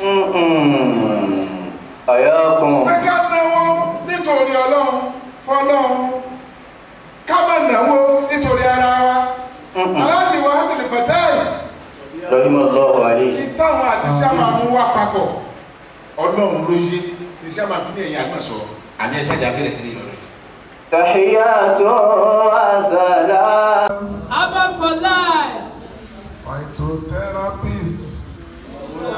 Mm-hmm. àyà kan. pé ká náwó nítorí ọlọ́run fọlọ́run ká má náwó nítorí ara wa. Mm-hmm lọ́yìnmọ̀ lọ́wọ́ àlè. ìtàwọn àti iṣẹ́ mú wá papọ̀ ọlọ́run ló yé iṣẹ́ máa fi ní ẹ̀yìn àgbà àmì ẹ̀ṣẹ́ àjà abẹ́rẹ́ kiri lọ́rẹ́. tàhíyàtò àzàlà. abba for life. phytotherapist.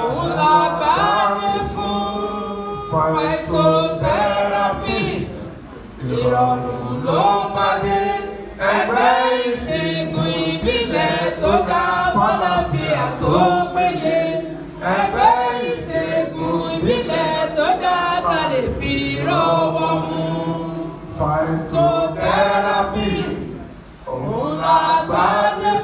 òun la gbà ní fún. phytotherapist. ìrọ̀rùn ló pàdé ẹgbẹ́ ìṣègùn ìbílẹ̀ tó dá fọ́nà fi tó péye ẹgbẹ́ ìṣègùn ìbílẹ̀ tó dáa ta lè fi rọ́wọ́ mú. phytotherapist òun la gbàdé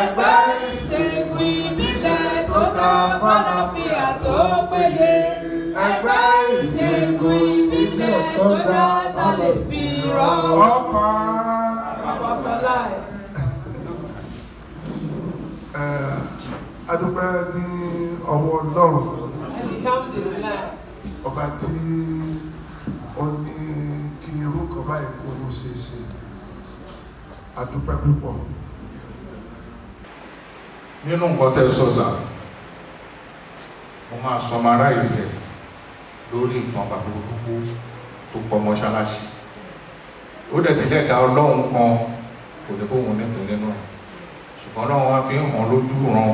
ẹgbẹ́ ìṣègùn ìbílẹ̀ tó dáa fàlàfíà tó péye tó dá ta lè fi rán ọ̀pá àpapọ̀lá ẹ̀. adúpẹ́ ní ọwọ́ ọlọ́run ọba tí ó ní kí irú kan báyìí kó ó ṣe é ṣe adúpẹ́ púpọ̀ nínú nǹkan tẹ́ sọ mo máa summarize ẹ̀ lórí ìtàn bàbá olúkú tó pọ̀ mọ́ṣáláṣí ó dẹ̀ ti lẹ́dàá ọlọ́run kan kò ní bóun nípìn nínú ẹ̀ ṣùgbọ́n náà wọ́n fi ń hàn lójú ran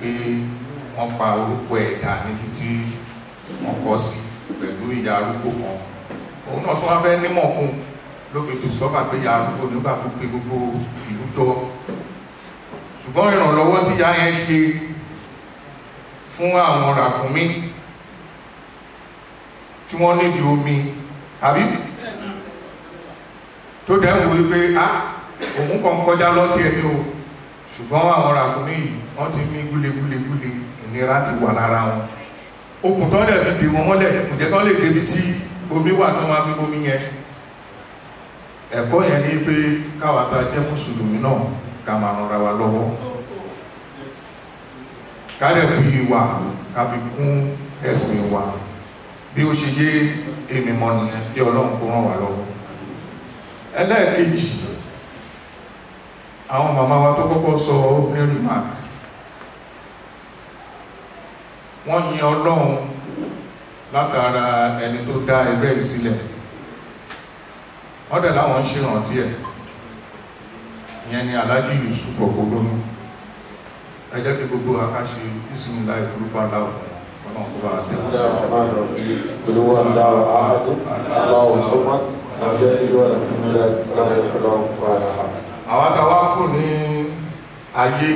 pé wọ́n pa orúkọ ẹ̀dá níbi tí wọ́n kọ́ sí pẹ̀lú ìyá arúgbó kan òun náà tó wá fẹ́ nímọ̀kùn ló fi dùsọ́fà pé ìyá arúgbó nígbà tó pe gbogbo ìlú jọ ṣùgbọ́n ìrànlọ́wọ́ tí ìyá yẹn ṣe fún àwọn ràkúnmí tí wọ́n nídìí omi àbí tó dẹ́wò wípé a ah, òun kàn kọjá lọ́tí ẹni o ṣùgbọ́n àwọn ràkúnmí yìí wọ́n ti mí gúlegúlegúle ìnira ti wà lára wọn okùn tán dẹ̀ fi dè wọ́n mọ́lẹ̀ kò jẹ́ kán lè débi tí omi wà tán wá fi omi yẹn ẹ̀kọ́ yẹn ni pé káwa ta jẹ́ mùsùlùmí náà ká máa ran ra wa lọ́wọ́ ká dẹ̀ fi ìwà ká fi kún ẹ̀sìn wa bí ó ṣe yé èmi mọ nìyẹn bí ọlọ́run kó ràn wá lọ́wọ́ ẹlẹ́ẹ̀kejì àwọn màmá wa tó kọ́kọ́ sọ opening remark wọ́n yin ọlọ́run látara ẹni tó dá ẹgbẹ́ yìí sílẹ̀ wọ́n dẹ̀ láwọn ń ṣèrántí ẹ̀ ìyẹn ni Alhaji Yusuf Ògúndómi ẹ jẹ́ kí gbogbo akáṣe ìsinmi láì burú fún aláwọ̀ fún بسم الله الرحمن الرحيم قل هو الله احد الله الصمد لم يلد ولم يولد ولم يكن له كفوا احد àwọn àtàwọn kù ní ayé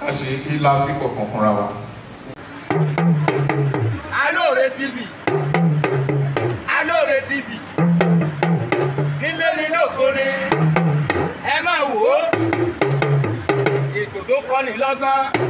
ká ṣe kí láfi kọ̀ọ̀kan fúnra wa. Alore TV Alore TV nílé ní lóko ni ẹ máa wò ó ètò tó kọ́ni lọ́gbọ́n.